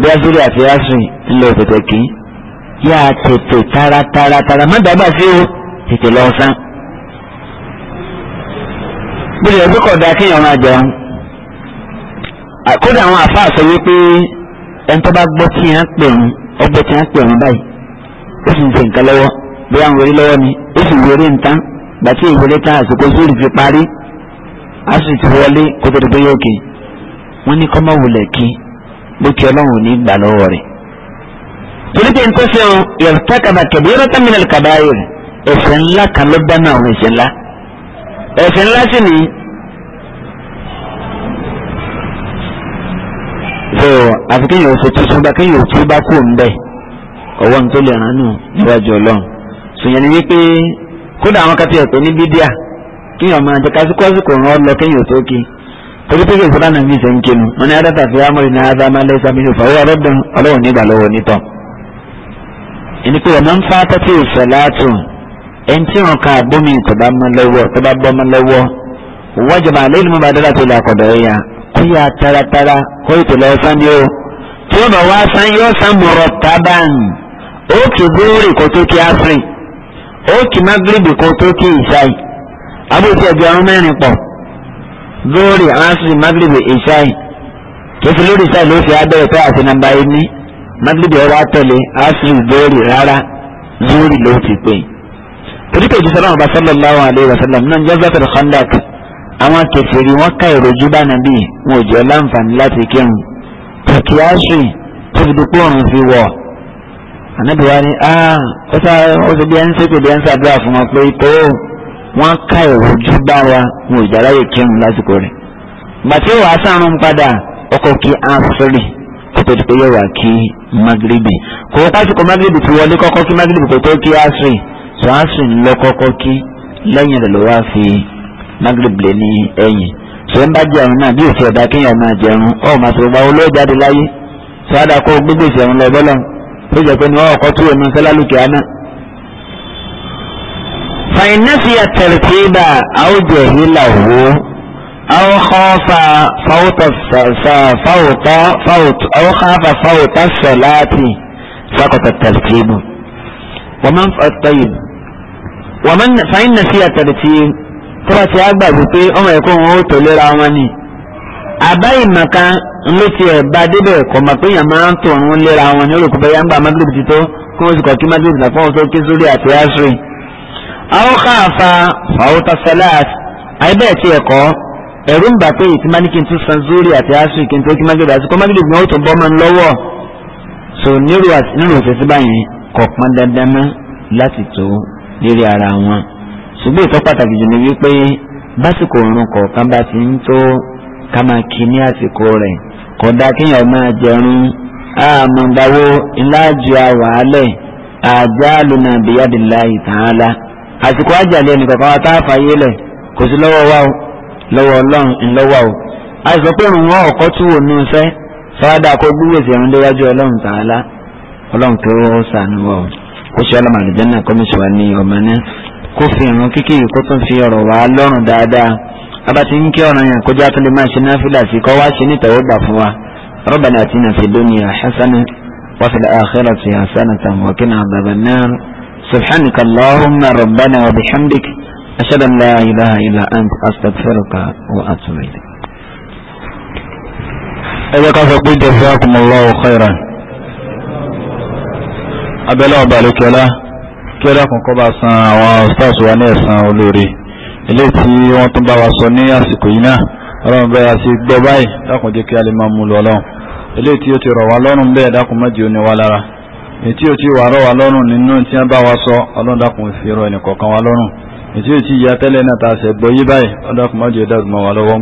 Speaker 2: bí azúrí àti asùn ńlọ pẹ̀tẹ́kì yá tètè tààràtààràtààrà má dábàá sí o tètè lọ sán. bí lè bí kọ̀dá kéèyàn máa jẹun kódà àwọn àfáà sọ wípé ẹni tó bá gbọ́ kí hàn pè ń ọgbọ́ kí hàn pè ń báyìí ó sì ń ṣe nǹkan lọ́wọ́ bí àwọn orí lọ́wọ́ ni ó sì wéré nǹkan gbàtí ìwéré tán àsìkò sórí ti parí a sì ti wọlé kó tó di pé yóò kì í wọ́n ní kọ́mọ wulẹ̀ kí lókè ọlọ́run ní gbà lọ́wọ́ rẹ̀. torí pé nǹkan ṣe ń yàtọ̀kàbà kẹ̀dé yọ̀rọ̀tà mi nàlẹ́ kàbá yẹ̀ ńlá kan ló dáná àwọn ẹ̀ṣẹ̀ ńlá ẹ̀ṣẹ̀ ńlá sì ni. so àfi kéèyàn ò ṣe tuntun bá kéèyàn ò tún bá kú òun bẹ́ẹ̀ ọwọ́ ní tó nù níwájú ọlọ́run sòyẹn ni wípé kódà àwọn kàtí ẹ̀pẹ́ ní bídíà kíyàn máa jẹ kásìkò àsìkò ràn ọ́ lọ kéyìn òtó kí torí pé kìí sábà nàbí ṣe ń kinu wọn ni adáta fi amúrin náà adá máa lẹ́sà mi fà wíwá rọ́dùn ọlọ́run nígbà lọ́wọ́ nítọ̀. ẹni pé ọ̀nà ń fa tẹ́tí ìṣẹ̀láàtù ẹni tí wọn ka bómi tó bá mọ tó bá bọ́ mọ lọ́wọ́ wọ́jọ máa lẹ́yìn mú bá dára tó lọ àkọ́dọ̀ ẹ̀yà kó yà taratara kó ètò lọ sán ni ó tí ó bá wá sán yóò sán tábàn ó kì í bóòrè kí áfíríkì ó kì magrebi kó tó kí ìṣáì abóòtú ẹgbẹ́ ọ̀rún mẹ́rin pọ̀ góòrì aláṣẹ magrebi ìṣáì kẹfì lórí ìṣáì ló fi abẹ́rẹ́ pé àti nàmbá ẹni magrebi ọwọ́ àtẹ̀lé aláṣẹ góòrì rárá zóòrì ló ti pè. torí pé ìjísọ́lá ọba sallallahu alaihi wasallam náà jazzatul khandaq àwọn kẹfìrí wọn ká ìrojú bá nàbí wọn ò jẹ́ láǹfààní láti kírun tòkí aṣọ tó ànábì wa ni ah ó sá ó ti bí ẹni ṣépè bí ẹni ṣàdúrà fún wọn pé tó wọn ká ìrújú bá wa wọn ò járáyè kírun lásìkò rẹ̀ gbàtí wàá sàrùn padà ọkọ̀ kí áfírí kótó ti pé yóò wá kí magrebi kò wọ́n pásítọ̀ magrebi ti wọlé kọ́kọ́ kí magrebi kò tó kí asiri sọ asiri lọ kọ́kọ́ kí lẹ́yìn rẹ̀ ló wá fi magrebi lé ní ẹ̀yìn sọ ń bá jẹun náà bí òfin ọ̀dà kéèyàn máa jẹun ọ̀ màtí gbogbo àwọn olóòjáde láyé sọ فجاء بين واو قطوه من سلالو كيانا فإن نسي الترتيب أو جهله أو خاف فوت فوت فوت أو خاف فوت الصلاة سقط الترتيب ومن طيب ومن فإن نسي الترتيب ترى تيابا بطيء أما يكون هو تولير أماني àbáyé màkà ńlọtì ẹ̀ bá débẹ̀ kọ̀ mà pé yàn máa ń tòrun léra wọn ní orúkọ bẹ́ẹ̀ yàgbà magrib ti tó kí wọ́n sì kọ́ kí magrib náà fọ́n tó kí sórí àti asiri. àwọn káàfa fàwọ́tà sẹ́láàt àìbẹ́ ẹ̀ tí ẹ̀ kọ́ ẹ̀rú ń bà pé ìtì máa ní san sórí àti asiri kí n tó kí magrib àti kọ́ magrib náà ó tún bọ́ máa ń lọ́wọ́ so nírú òfìsí báyìí kọ̀ pọn dandan mọ́ láti tó lérí ara wọn ṣùgbọ́n ìtọ́ pàtàkì jù ní wípé básìkò ká máa kí ní àsìkò rẹ̀ kódà kéèyàn máa jẹun àmọ̀dáwó ńláàjù àwàálẹ̀ àjálùnà biyadillahi ta'ala àsìkò àjàlẹ̀ nìkan kan wá a fàyè lẹ̀ kò sí lọ́wọ́ wa o lọ́wọ́ ọlọ́run ńlọ́wọ́ o a sọ pé òun wọn ọ̀kọ́ tún wò ní ìfẹ́ fáadà kó gbúwèsì ẹ̀rùn déwájú ọlọ́run ta'ala ọlọ́run tó wọ́n sànù wọ́ o kó ṣe ọlọ́mọ àdìjẹ́ náà kọ́míṣọ́ ní ọmọ náà kó abati ń kí ọ̀ràn yẹn kọjá tó lè máa ṣe náfìlà sí kọ́ wá ṣe nítawọ́ gbà fún wa rabbana atina fi dunya hasana wa fil akhirati hasanatan wa qina adhaban nar subhanaka allahumma rabbana wa bihamdik ashhadu an la ilaha illa ant astaghfiruka wa atubu ilayk. ẹ jẹ́ ká sọ pé jazakumullahu khairan
Speaker 1: abẹ́lẹ́ ọba àlùkẹ́lá kí ẹ dákun bá san àwọn stars eléyìí tí wọ́n tún bá wa sọ ní àsìkò yìí náà ọlọ́run bẹ́ẹ̀ àti gbọ́ báyìí dákun jẹ́ kí a lè máa mú lọ ọlọ́run eléyìí tí ó ti rọ̀ wá lọ́rùn bẹ́ẹ̀ dákun má jẹ́ ó ní wa lára ètí ò tí wà rọ̀ wá lọ́rùn nínú tí wọ́n bá wa sọ ọlọ́run dákun fi rọ̀ ẹnì kọ̀ọ̀kan wa lọ́rùn ètí ò tí ya tẹ́lẹ̀ náà ta ṣe gbọ́ yí báyìí ọlọ́run má ó dàgbọ́n wa lọ́wọ́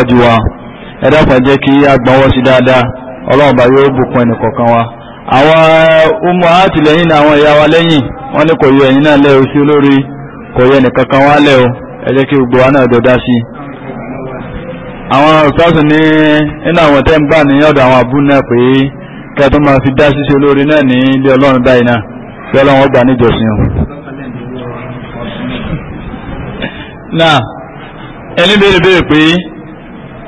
Speaker 1: ń gbé kọjá ẹ dákun jẹ́ kí a sí dáadáa ọlọ́run bá yóò bùkún ẹnì kọ̀ọ̀kan wa àwọn ọmọ àtìlẹ́yìn náà àwọn ìyá wa lẹ́yìn wọ́n ní kò yọ ẹ̀yìn náà lẹ́ o sí olórí kò yọ ẹnì kankan wa lẹ́ o ẹ jẹ́ kí gbogbo wa náà dọ̀dá àwọn ní nínú àwọn ní ọ̀dọ̀ àwọn abúlé náà pé kí tó máa fi dá ṣíṣe olórí náà ní ilé ọlọ́run báyìí náà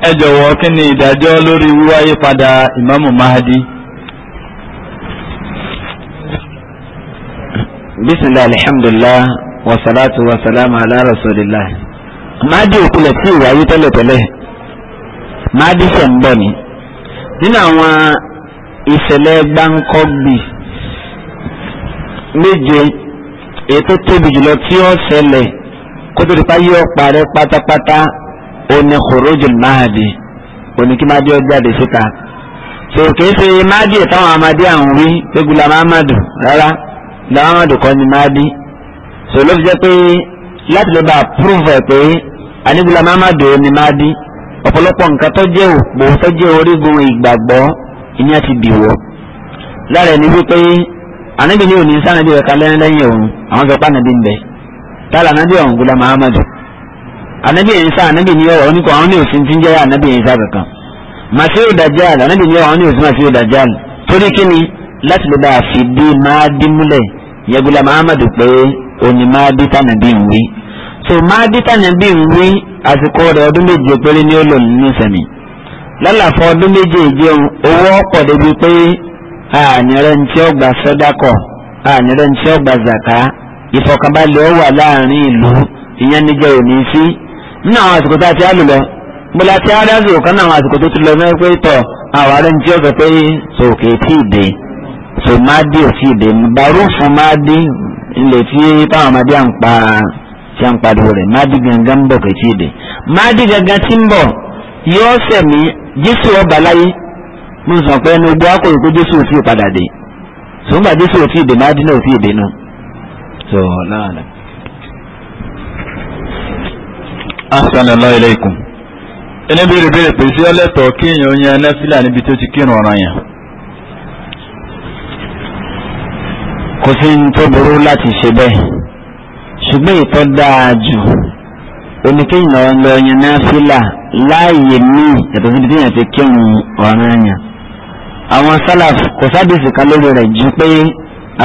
Speaker 1: ẹ jọ̀wọ́ kí ni ìdájọ́ lórí wíwáyé padà ìmáàmù Mahdi.
Speaker 2: bisimilahi alhamdulilah wasalaatu ala rasulillah Mahdi òkulẹ̀ tí ìwà ayé tẹ́lẹ̀tẹ́lẹ̀ Mahdi ṣẹ̀ ń bọ̀ ni nínú àwọn ìṣẹ̀lẹ̀ gbáǹkọ́gbì méje èyí tóbi jùlọ tí ó ṣẹlẹ̀ yí ọ̀pá oní kòrójìl máàdì oní kí máàdì ọjáde síta so kìí ṣe máàdì táwọn amadé àwọn wí gbégula mahamadu rárá làmàmàdù kọ́ ni máàdì so ló fi jẹ́ pé láti lè bá prove ẹ̀ pé anigula mahamadu ni máàdì ọ̀pọ̀lọpọ̀ nǹkan tó jẹ́ òpó tó jẹ́ orígun ìgbàgbọ́ ìní àti dìwọ́ lára ẹni wípé ànábì ní òní sànàbí ẹ̀ka lẹ́yìn lẹ́yìn òun àwọn fẹ́ pànàbí ń bẹ̀ tálà ànábì ọ̀hún gbọ́dọ̀ mahamadu anabi ẹ̀yìn sá anabi ni ọ̀rọ̀ oníkọ̀ àwọn ní òsín ti ń jẹ́ anabi ẹ̀yìn sá kankan masiru dajal anabi ni ọ̀rọ̀ àwọn ní òsín masiru dajal torí kíni láti lè bá a fi bí máàdí múlẹ̀ yẹgula muhammadu pé òní máàdí tànàbí ń wí so máàdí tànàbí ń wí àsìkò rẹ̀ ọdún méje péré ni ó lò nínú sẹ̀mí lálàfọ̀ ọdún méje ìjẹun owó ọ̀pọ̀ débi pé àyẹ̀rẹ̀ ń tí ó gbà sọ́dákọ̀ àyẹ̀rẹ̀ ń tí ó gbà zàká ìfọ̀kànbalẹ̀ ó wà láàrin ìlú ìyẹn níjẹ́ òní sí nínú àwọn àsìkò tá a ti á lò lọ bọ́lá tí a rí àsìkò kan náà àwọn àsìkò tó ti lọ mẹ́rin pé tọ̀ àwọn arẹ́ njẹ́ ọ̀sẹ̀ pé sòkè tí ì dé sò má dé òsì dé bàrúfù má dé ilé tí táwọn ọmọdé à ń pa tí a ń pariwo rẹ̀ má dé gangan ń bọ̀ kè tí ì dé má dé gangan tí ń bọ̀ yóò sẹ̀mí jésù ọba láyé mo sọ pé ẹnu ogbó akọ̀wé pé jésù ò tí ì dé sòmùgbà jésù ò tí ì dé má dé náà ò tí ì dé náà. ahsanallahu ilaykum ẹni bí rèbèrè
Speaker 1: pé sí ọlẹ́tọ̀ kéèyàn yan nẹ́fílà níbi tó ti kírun ọ̀ràn yàn
Speaker 2: kò sí ní tó burú láti ṣe bẹ́ẹ̀ ṣùgbọ́n ìtọ́ dáa jù oníkéyìn ọ̀rọ̀ lọ yan nẹ́fílà láàyè ní yàtọ̀ síbi tí yàn ti kírun ọ̀ràn yàn àwọn sálàf kò sábìsì kan lórí rẹ̀ ju pé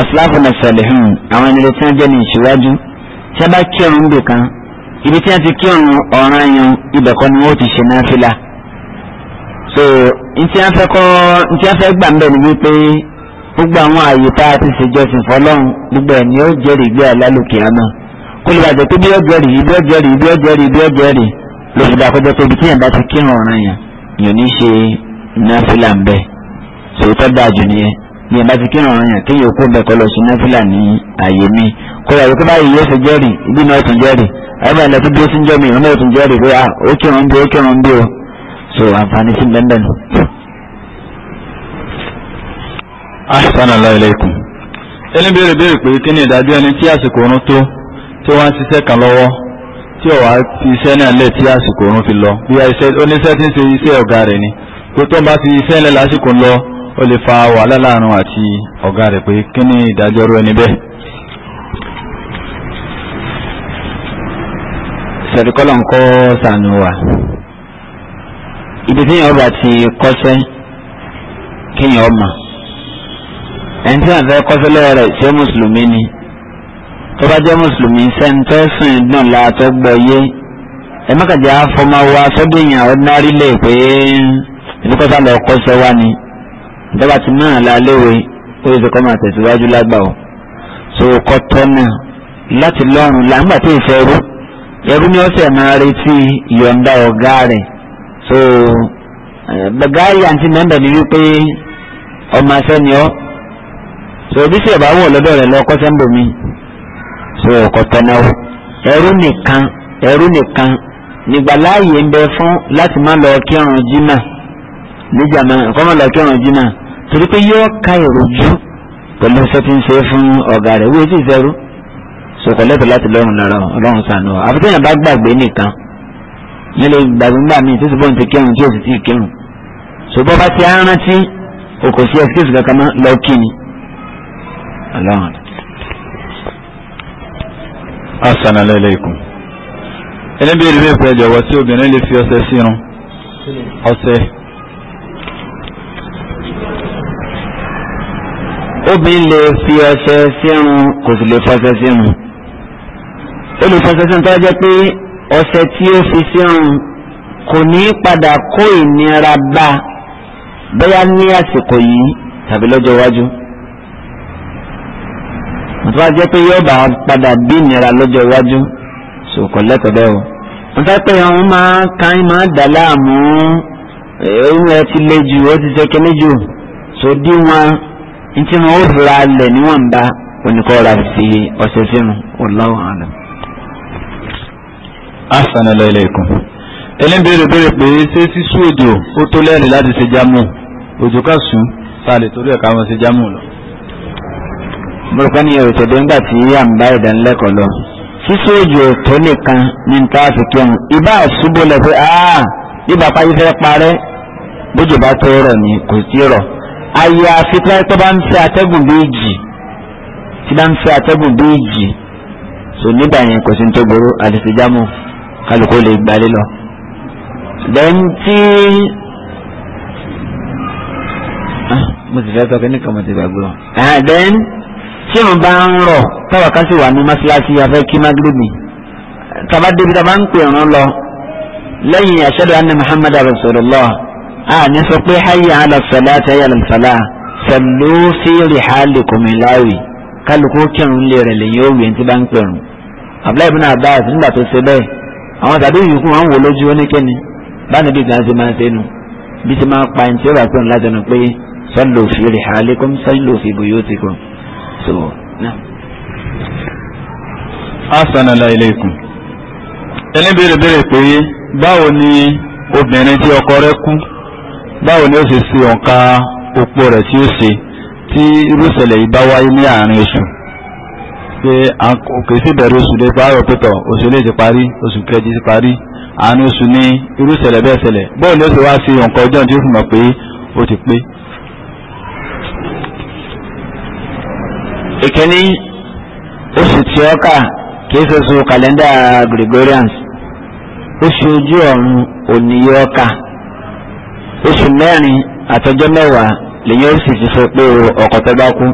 Speaker 2: asláfù náà sọ̀lẹ̀ hàn àwọn ẹni tí wọ́n jẹ́ ní ìṣíwájú tí a bá kírun bìkan ibi tí a ti kírun ọ̀ràn yẹn ibẹ̀ kọ́ ni wọ́n ti ṣe náfìlà so ntí a fẹ́ kọ́ ntí a fẹ́ gbà ń ni wípé gbogbo àwọn àyè tá a ti ṣèjọsìn fọlọ́run gbogbo ẹ̀ ni ó jẹ́rìí gbé àlálùkè àmọ́ kó lè bàjẹ́ pé bí ó jẹ́rìí bí ó jẹ́rìí bí ó jẹ́rìí bí ó jẹ́rìí ló fi dáa kọjá pé ibi tí yẹn bá ti kírun ọ̀ràn yẹn yóò ní ṣe náfìlà ń bẹ̀ so tó dáa jù nìyẹn ní ìbá ti kírun ọ̀ràn yàn kéèyàn kó bẹ̀ kọ́ lọ sí náfìlà ní àyè mi kódà wípé báyìí yóò ṣe jẹ́rìí ibi náà tún jẹ́rìí ẹgbẹ́ ilẹ̀ tó dúró sí jọ́ mi ìrún náà tún jẹ́rìí pé ah, ó kírun bí ó kírun bí o so àǹfààní sí bẹ́ẹ̀ bẹ́ẹ̀. asana
Speaker 1: alaykum ẹni béèrè béèrè pé kí ni ìdájọ́ ẹni tí àsìkò oorun tó tí wọ́n á ṣiṣẹ́ kan lọ́wọ́ tí ọ̀wá fi iṣẹ́ náà lẹ̀ tí àsìkò oorun fi lọ bí oníṣẹ́ tí ń ṣe iṣẹ́ ọ̀gá rẹ̀ ni kó tó ń bá fi iṣẹ́ lẹ̀ lásìkò lọ ó lè fa wàhálà láàrin àti ọ̀gá rẹ̀ pé kí ni ìdájọ́ ọ̀rọ̀ ẹni bẹ́ẹ̀.
Speaker 2: sẹ̀ríkọ́lọ̀ ń kọ́ sànù wa ibi téèyàn ọba ti kọ́sẹ́ kéèyàn ọmọ ẹni tí wọ́n fẹ́ kọ́sẹ́ lọ́wọ́ rẹ̀ ṣé mùsùlùmí ni tó bá jẹ́ mùsùlùmí sẹ́ńtọ́ sùn dùn láàtọ́ gbọ́ yé ẹ má kàjá fọmọ wa sọ́dún yàn ọ́dínárì lè pé ìdíkọ́sá lọ wa ni. dábà tí náà la léwe ó yẹ kó máa tẹ̀síwájú lágbà o so kọ́ tọ́nà láti lọ́rùn làǹgbà tí ì fẹ́ rú ẹrú ni ó sẹ̀ máa retí ìyọ̀ǹda ọ̀gá rẹ̀ so gbàgáyé eh, àǹtí mẹ́mbẹ̀ ni wípé ọmọ afẹ́ ọ́ so bí sì ọ̀bá wọ̀ lọ́dọ̀ rẹ̀ lọ kọ́sẹ́ so kọ́ tọ́nà o ẹrú nìkan ẹrú nìkan nígbà láàyè ń bẹ fún láti má lọ kírun jimá níjàmá kọ́mọ̀lá kẹrùn jìnnà torí pé yóò ka ìròjú pẹ̀lú sẹ́tíńsẹ́ fún ọ̀gá rẹ̀ wíwé sì sẹ́rú sọ̀kọ̀lẹ́tọ̀ láti lọ́rùn lọ́rọ̀ ọlọ́run sànù ọ́ àfitẹ́yìn bá gbàgbé nìkan nílé gbàgbé ńgbà míì títí bọ́ǹtì kírun tí òsì tí ì kírun ṣùgbọ́n bá ti rántí o kò sí ẹsikẹ́sì kankan mọ́ lọ kí ni.
Speaker 1: assalamu alaikum ẹni bí èrè bẹ́ẹ̀ pẹ́ jọ̀wọ́ tí obìnrin lè fi ọṣẹ sírun ọṣẹ.
Speaker 2: obìnrin lè fi ọṣẹ sírun kò sì lè fọṣẹ sírun ó lè fọṣẹ sírun tó jẹ́ pé ọṣẹ tí ó fi sírun kò ní padà kó ìnira bá bóyá ní àsìkò yìí tàbí lọ́jọ́ iwájú wọ́n ti jẹ́ pé yóò bá padà bí ìnira lọ́jọ́ iwájú sòkò lẹ́tọ̀ọ́ o wọ́n ti pé àwọn máa kan máa dà láàmú ẹ̀rù eh, ẹ ti le jù ó ti ṣe kíní jù sódì wọn ntí wọn ó fura lẹ̀ níwọ̀nba oníkọ́ ra fi ọ̀sẹ̀ sínú wallahu alam. assalamu alaykum
Speaker 1: ẹlẹ́bẹ̀rẹ̀ bẹ̀rẹ̀
Speaker 2: pé ṣé sísú
Speaker 1: òjò ó tó lẹ́rìí láti ṣe jámù òjò ká sùn ta lè torí ẹ̀ka wọn ṣe jámù lọ.
Speaker 2: mo rò pé ńgbà tí à ń bá ìdánilẹ́kọ̀ọ́ lọ sísú òjò tó nìkan ní ta fi ibà àṣubọ̀ lọ pé ibà pàṣẹ fẹ́ parẹ́ bójú bá tó rọ̀ ní kò sí rọ̀ àyàfi tó bá tó bá ń fẹ́ atẹ́gùn béèjì tí bá ń fẹ́ atẹ́gùn béèjì so nígbà yẹn kò sí ní tó àdìsíjámù kálukú lè gbalé lọ. then tí ah, mo sì fẹ́ sọ pé nìkan mo ti gbàgbọ́ lọ. Ah, then tí wọn bá ń rọ táwa kan sì wà ní mọ́ṣáláṣí afẹ́ kí magrebi tàbá débi tàbá ń pè ọ̀ràn lọ lẹ́yìn ashadu anna Muhammad rasulullah àní sọ pé hayya ala salat hayya ala salat sallu fi rihalikum láwì kálukú kírun lè rẹ̀ lẹ́yìn òwe tí bá ń pẹ̀rùn abdullahi ibn abbas nígbà tó ṣe bẹ́ẹ̀ àwọn tàbí ìyókù wọn wò lójú oníkẹ́ni báni bí gan ṣe máa ṣe nu bí ṣe máa pa ẹni tí ó bá pẹ̀rùn láti ọ̀nà pé sallu fi rihalikum sallu fi buyutikum so náà. asanala ileikum
Speaker 1: ẹni béèrè béèrè pé báwo ni obìnrin tí ọkọ rẹ̀ kú báwo ni ó ṣe ṣe òǹkà òpó rẹ̀ tí ó ṣe tí irúṣẹ̀lẹ̀ yìí bá wáyé ní àárín oṣù pé kò sí ìbẹ̀rẹ̀ oṣù lè pààrọ̀ pẹ̀tọ̀ oṣù lè ti parí oṣù kejì ti parí àárín oṣù ní irúṣẹ̀lẹ̀ bẹ́ẹ̀ ṣẹlẹ̀ báwo ni ó ṣe wá ṣe òǹkà ọjọ́ tí ó fi mọ̀ pé ó ti pé.
Speaker 2: ìkíní oṣù tí ó kà kìí ṣe oṣù kàlẹ́ndà Gregorians oṣù ojú ọ̀run òní yóò kà oṣù mẹ́rin àtọjọ́ mẹ́wàá lèyìn ó sì ti sọ pé ọkọ tó bá kú.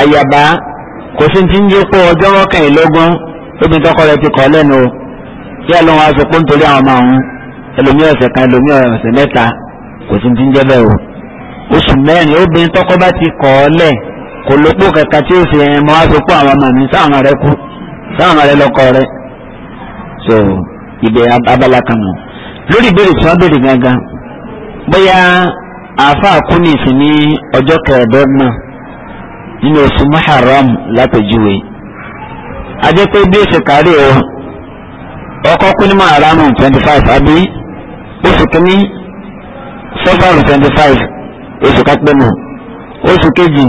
Speaker 2: ayaba kò sí ti ń jẹ́ pé ọjọ́ mọ́kànlélógún lóbi tọkọ rẹ ti kọ́ lẹ́nu o yíyá ló ń wá sọ pé nítorí àwọn ọmọ àwọn ẹlòmíràn ọ̀sẹ̀ kan ẹlòmíràn ọ̀sẹ̀ mẹ́ta kò sí ti ń jẹ́ bẹ́ẹ̀ o. oṣù mẹ́rin obìnrin tọkọ bá ti kọ́ lẹ̀ kò lópò kẹ̀kẹ́ tí ó sì ẹ̀ mọ́ wá pé àwọn ọmọ mi sáwọn rẹ kú sáwọn rẹ lọkọ rẹ. so ibẹ̀ abala kan nù lórí ìbéèrè tí wọ́n béèrè gangan bóyá àáfàá kú ní ìsìn ní ọjọ́ kẹẹ̀ẹ́dọ́gbọ̀n nínú oṣù muharram lápèjúwe ajẹ́ pé bí èsì kárí o ọkọ̀ kú ní muharram twenty five àbí oṣù kìíní sọ́fàrù twenty five oṣù kápẹ́nu oṣù kejì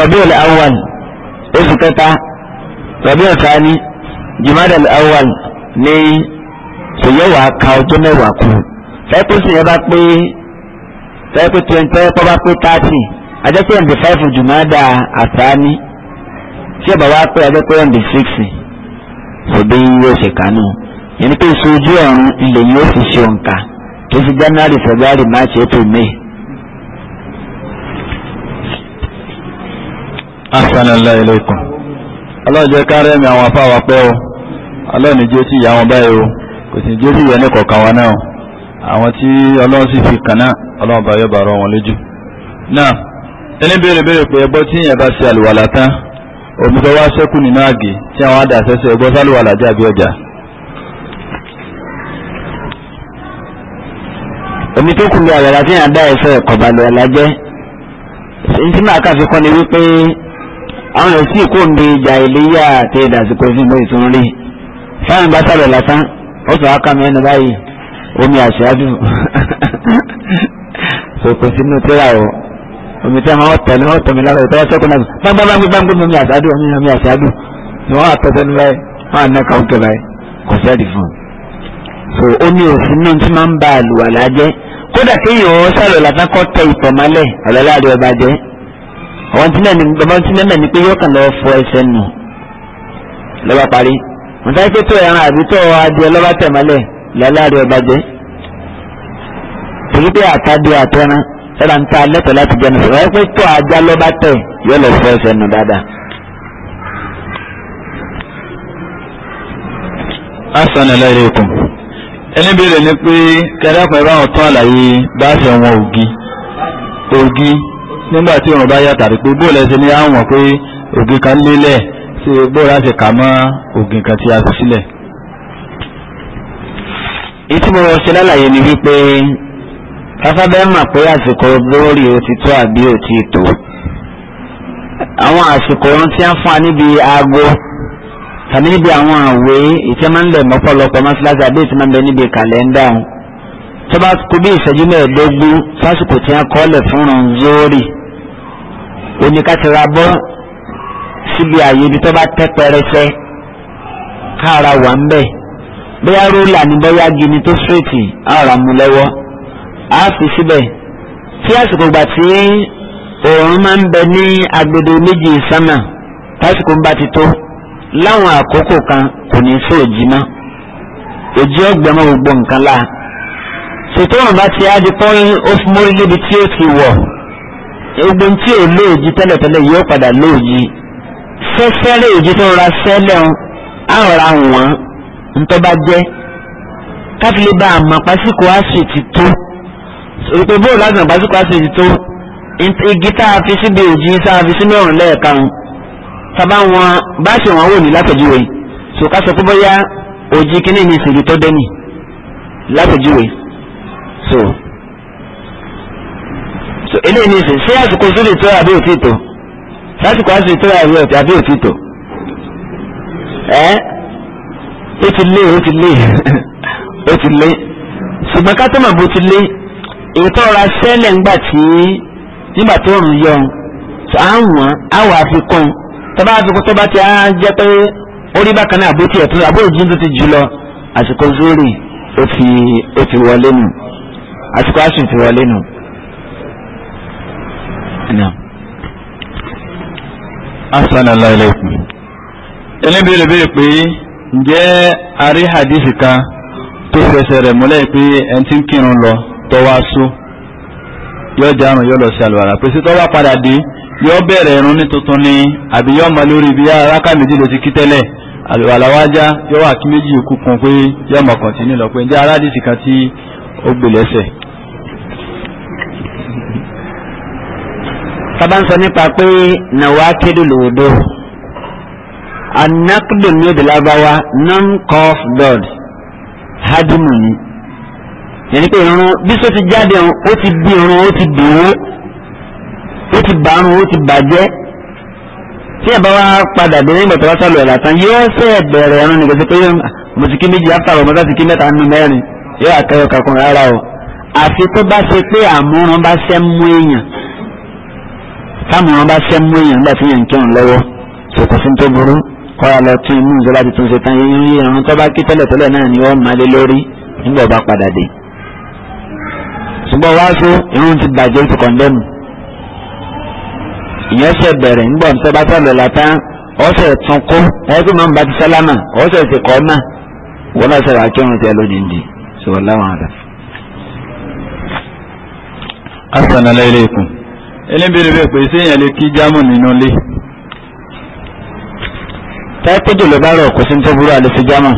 Speaker 2: rabiul awwal oṣù kẹta rabiul thani jumadal awwal ní sọ yẹ wàá ka ọjọ́ mẹ́wàá kù fẹ́ẹ́pẹ́sì yẹn bá pé fẹ́ẹ́pẹ́ twenty fẹ́ẹ́pẹ́ bá pé thirty ajẹ́pẹ́ on the five jùmọ́dà àtàní tí ẹ̀ bá wá pé ajẹ́pẹ́ on the six sọ bí yóò ṣe kánú yẹn ni pé ìṣojú ọ̀run ilẹ̀ yóò fi ṣe òǹkà tó fi January February March April May. asanala ilé kan
Speaker 1: ọlọ́run jẹ́ ká rẹ́mi àwọn afáwa pẹ́ o ọlọ́run jẹ́ tí ìyá wọn báyìí o kò sì jẹ́ ìyẹn ní kọ̀ọ̀kan wa náà àwọn tí ọlọ́run sì fi kàn náà ọlọ́run bá yọ bàrọ̀ wọn lójú. náà ẹni béèrè béèrè pé ẹgbọ́n tí ìyẹn bá ṣe àlùwàlà tán omi tó wá ṣẹ́kù nínú àgè tí àwọn àdà sẹ́sẹ́ ẹgbọ́n sálùwàlà jábí ọjà.
Speaker 2: omi tó kù lu àlùwàlà tí yàn dá ẹ̀fẹ́ kọ̀bàlù àlàjẹ́ ntí máa kà fi kọ́ ni wípé àwọn èsì kò ń ìjà ìléyà àti ìdásíkò ìfimọ́ ìtúnrí fáwọn bá sálọ̀ lásán ó sọ wá kàmí ẹnu báyìí omi àṣáájú kò sínú tíra o omi tí wọn tẹ̀lé wọn tẹ̀mí lára ìtọ́wọ́ sẹ́kùn náà bámbámbámbá bámbá omi àṣáájú omi omi àṣáájú ni wọn àtọ́sẹ́ ní báyìí wọn àná kàwùkẹ́ báyìí kò sẹ́ẹ̀dì fún un. so ó ní òsín náà tí máa ń ba àlùwàlá jẹ́ kódà kéèyàn ó sàlọ̀ látàkọ́ tẹ ìtọ̀ mọ́lẹ̀ ọ̀lọ́lá àdìọ́ba jẹ́ àwọn tí náà ní pé yóò kàn lọ́ọ́ fọ ẹsẹ̀ nù lọ́ba parí mọ̀tàkì tó ẹran àbí tó adìẹ lọ́ba tẹ̀mọ́lẹ̀ lálẹ́ ọba jẹ́ torí pé àtàdé àtẹran ẹ̀rọ ń ta lẹ́tọ̀ láti jẹ́ nìṣẹ́ wáyé pé tó ajá lọ́ba tẹ̀ yóò lọ fẹ́ ẹsẹ̀ nù dáadáa. asan alaykum ẹni
Speaker 1: béèrè ni pé kẹdàpọ̀ ẹ̀rọ àwọn tó àlàyé bá ṣe wọn ògì ògì nígbà tí òun bá yàtà rí pé bóòlù ẹsẹ̀ ni àwọn pé ògì kan lélẹ̀ ṣe bóra ṣe kà mọ́ ògùn kan tí a fi sílẹ̀.
Speaker 2: ìtí mo ṣe lálàyé ni wípé káfábẹ́ mọ̀ pé àsìkò lórí o ti tó àbí o ti tó àwọn àsìkò ohun tí a ń fún wa níbi aago tàbí níbi àwọn àwé ìtẹ́ mọ́pọ̀lọpọ̀ mọ́síláṣí àbí ìtẹ́ bẹ níbi kàlẹ́ńdà tó bá kú bí ìṣẹ́jú mẹ́ẹ̀ẹ́dógún sásìkò tí a kọ́ lẹ̀ fún un zórí oníkàtìrà bọ́ síbi àyè ibi tó bá tẹ́ pẹrẹsẹ káàrà wà ń bẹ̀ bóyá rólà ní bóyá gini tó sírètì àrà mú lọ́wọ́ á fi síbẹ̀ tí àsìkò gbà tí òòrùn máa ń bẹ ní agbedo méjì sánà tásìkò bá ti tó láwọn àkókò kan kò ní sí òjì mọ́ òjì ọgbẹ́mọ gbogbo nǹkan láà ṣètò ọ̀nà ti adìpọ́ ó fi mórí lébi tí ó ti wọ̀ egbò tí ò lóòjì tẹ́lẹ̀tẹ́lẹ̀ yóò padà lóòjì fẹ́fẹ́rẹ́ èjì tó ra sẹ́lẹ̀ ń àrà wọ́n ntọ́ bá jẹ́ káfílẹ̀ bá a mọ̀ pásíkò àṣù ti tó òpè bóòlù àti mọ̀ pásíkò àṣù ti tó igi tá a fi síbi èjì tá a fi sínú ọ̀rùn lẹ́ẹ̀kan sábà wọn bá ṣe wọn wò ní látọ̀júwe so ká sọ pé bóyá òjì kínní ní ìsìnkú tó dẹ́nì látọ̀júwe so so eléyìí ní ìsìn ṣé àsìkò sórí tó àbí òtítọ́ sásìkò àṣìṣe tó yà rẹ̀ tàbí òtítọ́ ẹ́ ó ti lé ó ti lé ó ti lé ṣùgbọ́n kátọ́mọ̀ bó ti lé ètò ọ̀rọ̀ asẹ́lẹ̀ ńgbà tí nígbà tó ń yọ àwọn àwọn àfikún tọ́ba àfikún tọ́ba ti á jẹ́ pé ó rí bákan náà àbótí ẹ̀ tó àbóyè jí tó ti jù lọ àsìkò zórì ó ti ó ti wọlé nù àsìkò àṣì ti wọlé nù. No. asanala ilẹ̀kùn
Speaker 1: ẹlẹ́bẹ̀rẹ̀ bẹ̀rẹ̀ pé ǹjẹ́ arí hadith kan tó fẹsẹ̀ rẹ̀ múlẹ̀ pé ẹni tí ń kírun lọ tọwọ́ aṣọ yóò jẹ́ àrùn lọ sí àlùwàlà pé sí tọ́wọ́ padà dé yọ bẹ̀rẹ̀ irun ní tuntun ni àbí yọ mọ lórí bí aráka méjì ló ti kí tẹ́lẹ̀ àlùwàlà wá já yóò wà kí méjì kú kun pé yọ mọ̀ kọ̀ntínú lọ pé ǹjẹ́ ará hadith
Speaker 2: kan tí ó gbè lẹ́sẹ̀. sábà ń sọ nípa pé nàwákédù lòdò anákìdù ní èdè lábáwá non-cough blood hadimu ni yẹni pé irun bí sọ ti jáde ó ti bí irun ó ti dòwó ó ti bàrún ó ti bàjẹ́ tí ẹ bá wá padà dé nígbà tó wá sálọ ẹ̀ látàn yóò fẹ́ bẹ̀rẹ̀ ẹran nìkan sí pé mo ti kí méjì áfàrọ̀ mo ti kí mẹ́ta nínú mẹ́rin yóò àkẹyọ kankan rárá o àfi tó bá ṣe pé àmúran bá ṣẹ́ mú èèyàn táwọn wọn bá fẹ́ mú èèyàn nígbà tí èèyàn ń kírun lọ́wọ́ sòkò fún tó burú kọ́ra lọ tún inú ìjọba ti tún ṣe tán yíyan yíyan àwọn tó bá kí tẹ́lẹ̀ náà ni wọ́n máa lé lórí nígbà ọba padà dé. ṣùgbọ́n wá sí irun ti bàjẹ́ ti kọ̀ndẹ́mù ìyẹn ṣe bẹ̀rẹ̀ nígbà tó bá sọ̀rọ̀ látà ọ̀sẹ̀ tún kó ẹgbẹ́ máa ń bá ti sálámà ọ̀sẹ̀ ti kọ́ náà wọ́n náà sọ̀rọ̀ akírun ti ẹ lódìndín ṣùgbọ́n láwọn àdá. Assalamu alaikum
Speaker 1: eléńbèrè bẹ́ẹ̀ pé séèyàn lè kí jámù nínú ilé.
Speaker 2: táìpéjì ló bá rọ̀ kò sí ní tó burú àlè fi jámù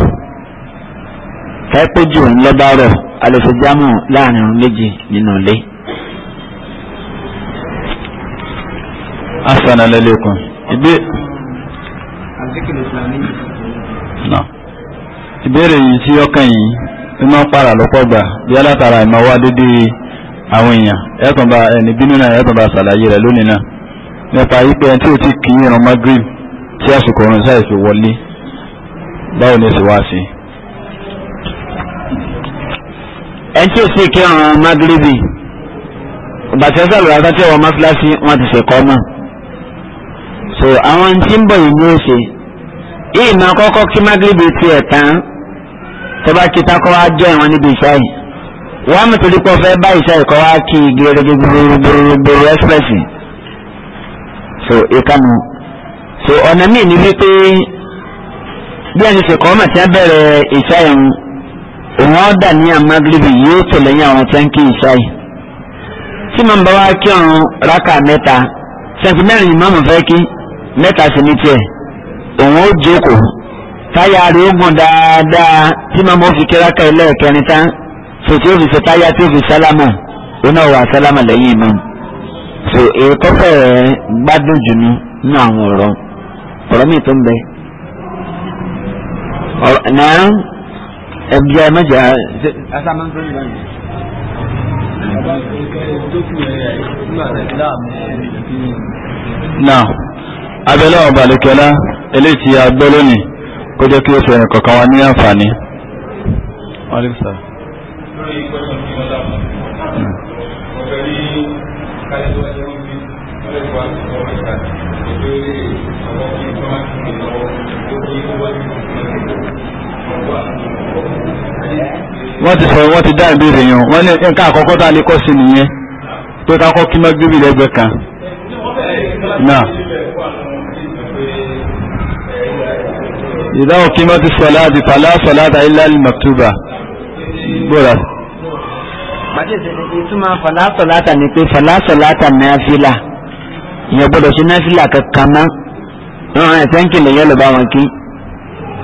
Speaker 2: táìpéjì òun ló bá rọ̀ àlè fi jámù láàrin òun méjì nínú ilé. asanalẹ́lẹ́kùn ìgbé.
Speaker 1: ìbéèrè yìí tí ọkàn yìí ló máa ń para lọ́pọ̀ gbà bí alátara ìmọ̀wá dédé àwọn èèyàn ẹ̀tàn ẹni bínú náà ẹ̀tàn ṣàlàyé rẹ̀ lónìí náà nípa wípé tí ò ti kí irun magrib tí àsìkò orin sáà fi wọlé báwo ni ó sì wá sí.
Speaker 2: ẹni tí ò sì kí irun magrib bàtí ẹsẹ̀ lọ́la tó tẹ̀ wọ́n mọ́sálásí wọn ti ṣèkọ́ mọ́ so àwọn tí ń bọ̀ yìí ní òṣè yìí máa kọ́kọ́ kí magrib tiẹ̀ tán tó bá kí takọ́ wá jọ ìwọ̀n níbi ìṣáyìí wọ́n á mú torí pé ọ̀fẹ́ bá ìṣe ẹ̀kọ́ wá kí igi gẹ́gẹ́ gbogbogbò express so ìkànnì so ọ̀nà míì ni wípé bí ẹni ṣe kọ́ ọmọ tí wọ́n bẹ̀rẹ̀ ìṣe ẹ̀hún òun ọ̀dà ní amagrebi yóò tò lẹ́yìn àwọn tí wọ́n kí ìṣe ẹ̀ tí màá bá wá kí ọ̀run rákà mẹ́ta ṣẹ́ńtì mẹ́rin ìmọ̀ọ́mù fẹ́ kí mẹ́ta sí ní tiẹ̀ òun ó jókòó táyà rẹ̀ ó gùn dáadáa tí màá mọ́ fi kí rákà ẹlẹ́ẹ̀kẹrin tán so tí ó fi ṣe táyà tí ó fi sálámà ó náà wà sálámà lẹ́yìn imam so èyí tó fẹ́rẹ̀ gbádùn jù nù nínú àwọn ọ̀rọ̀ ọ̀rọ̀ mi tó ń bẹ. náà ẹbí ẹ mẹjọ.
Speaker 1: náà abẹ́lẹ́ ọ̀bà lẹ́kẹ́lá eléyìí tí a gbọ́ lónìí kó jẹ́ kí ó fẹ́ràn kọ̀ọ̀kan wa ní àǹfààní. wàhálà
Speaker 3: lórí question tí wọ́n dáhùn. mo fẹ́ wọ́n fi lọ́lẹ̀ fún àtúntò ọ̀rẹ́ta ètò àwọn ọmọ ìjọba máa fi lọ́wọ́ ó kí ó wọ́n
Speaker 1: ti sọ̀rọ̀ wọ́n ti dá ìbéèrè yẹn wọ́n ní nǹkan àkọ́kọ́ tá a lè kọ́ sí nìyẹn pé ká kọ́ kí mọ́gbébì lẹ́gbẹ̀ẹ́ kan. ìdáhùn kí mọ́ ti sọ̀lá àdìpàlá sọ̀lá àdáyé lálẹ́ mọ̀túbà
Speaker 2: gbọ́ra. ìtumọ̀ fàlásọ̀láta ni pé fàlásọ̀láta náfìlà ìyẹn gbọ́dọ̀ ṣe náfìlà kankan mọ́ ọ̀ràn ẹ̀sẹ̀ ń kìlẹ̀ yẹn ló bá wọn kí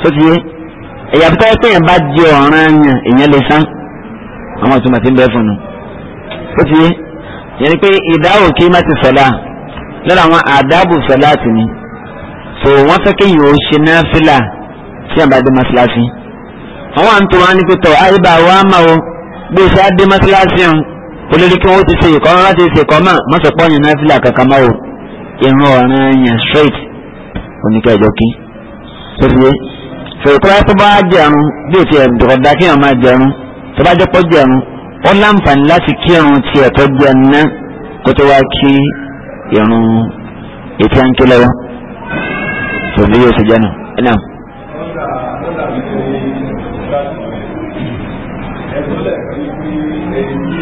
Speaker 2: tó ti yé ẹ̀yà tó tọ́ pé yẹn bá jẹ ọ̀ràn yẹn ìyẹn lè san àwọn ìtumọ̀ ti ń bẹ fún un tó yé yẹn ni pé ìdáhùn kí má ti sọ̀lá lọ́la àwọn àdábù sọ̀lá tì so wọ́n fẹ́ kéèyàn ó ṣe náfìlà àwọn àǹtò wa ní pẹ̀tọ̀ àyíbá wa mà o bí o ṣe á dé mọ́ṣáláṣí ọ̀hún olórí kí wọ́n ti ṣe ìkọ́ wọn láti ṣe ìkọ́ mà mọ́sọ̀pọ̀ yẹn náà fìlà kankan mọ́ o ìrún ọ̀ràn yẹn straight oníkẹ́jọ kí sọ́sìyẹ fèrèkúrá tó bá jẹun bí o ti ẹ̀ dọ̀kọ̀dá kí wọn máa jẹun tó bá jẹ́ pọ́ jẹun ó láǹfààní láti kí irun ti ẹ̀ tó jẹun náà kó tó wá kí irun ètí à ń kí lọ́wọ́ sọ́sìyẹ ò sì jẹun ẹ̀ náà.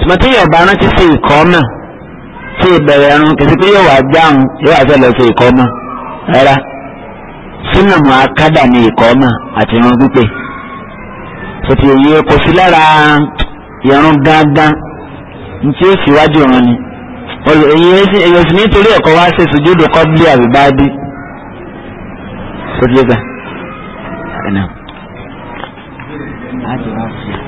Speaker 2: sùmọ́tí yóò bá rántí sí ìkọ́ mọ̀ tí ìbẹ̀rẹ̀ ẹ̀rùn kìí sí pé yóò wá jáhùn yóò wá fẹ́ lọ sí ìkọ́ mọ̀ rárá sínú àwọn akádà ní ìkọ́ mọ̀ àti irun pípé sọtì èyí kò sí lára irun gángan ntí ó síwájú òun ni èyí ò sì nítorí ẹ̀kọ́ wá ṣe sùjúdù kọ́bílì àbíbádì sọtì ẹ̀ka. Thank you.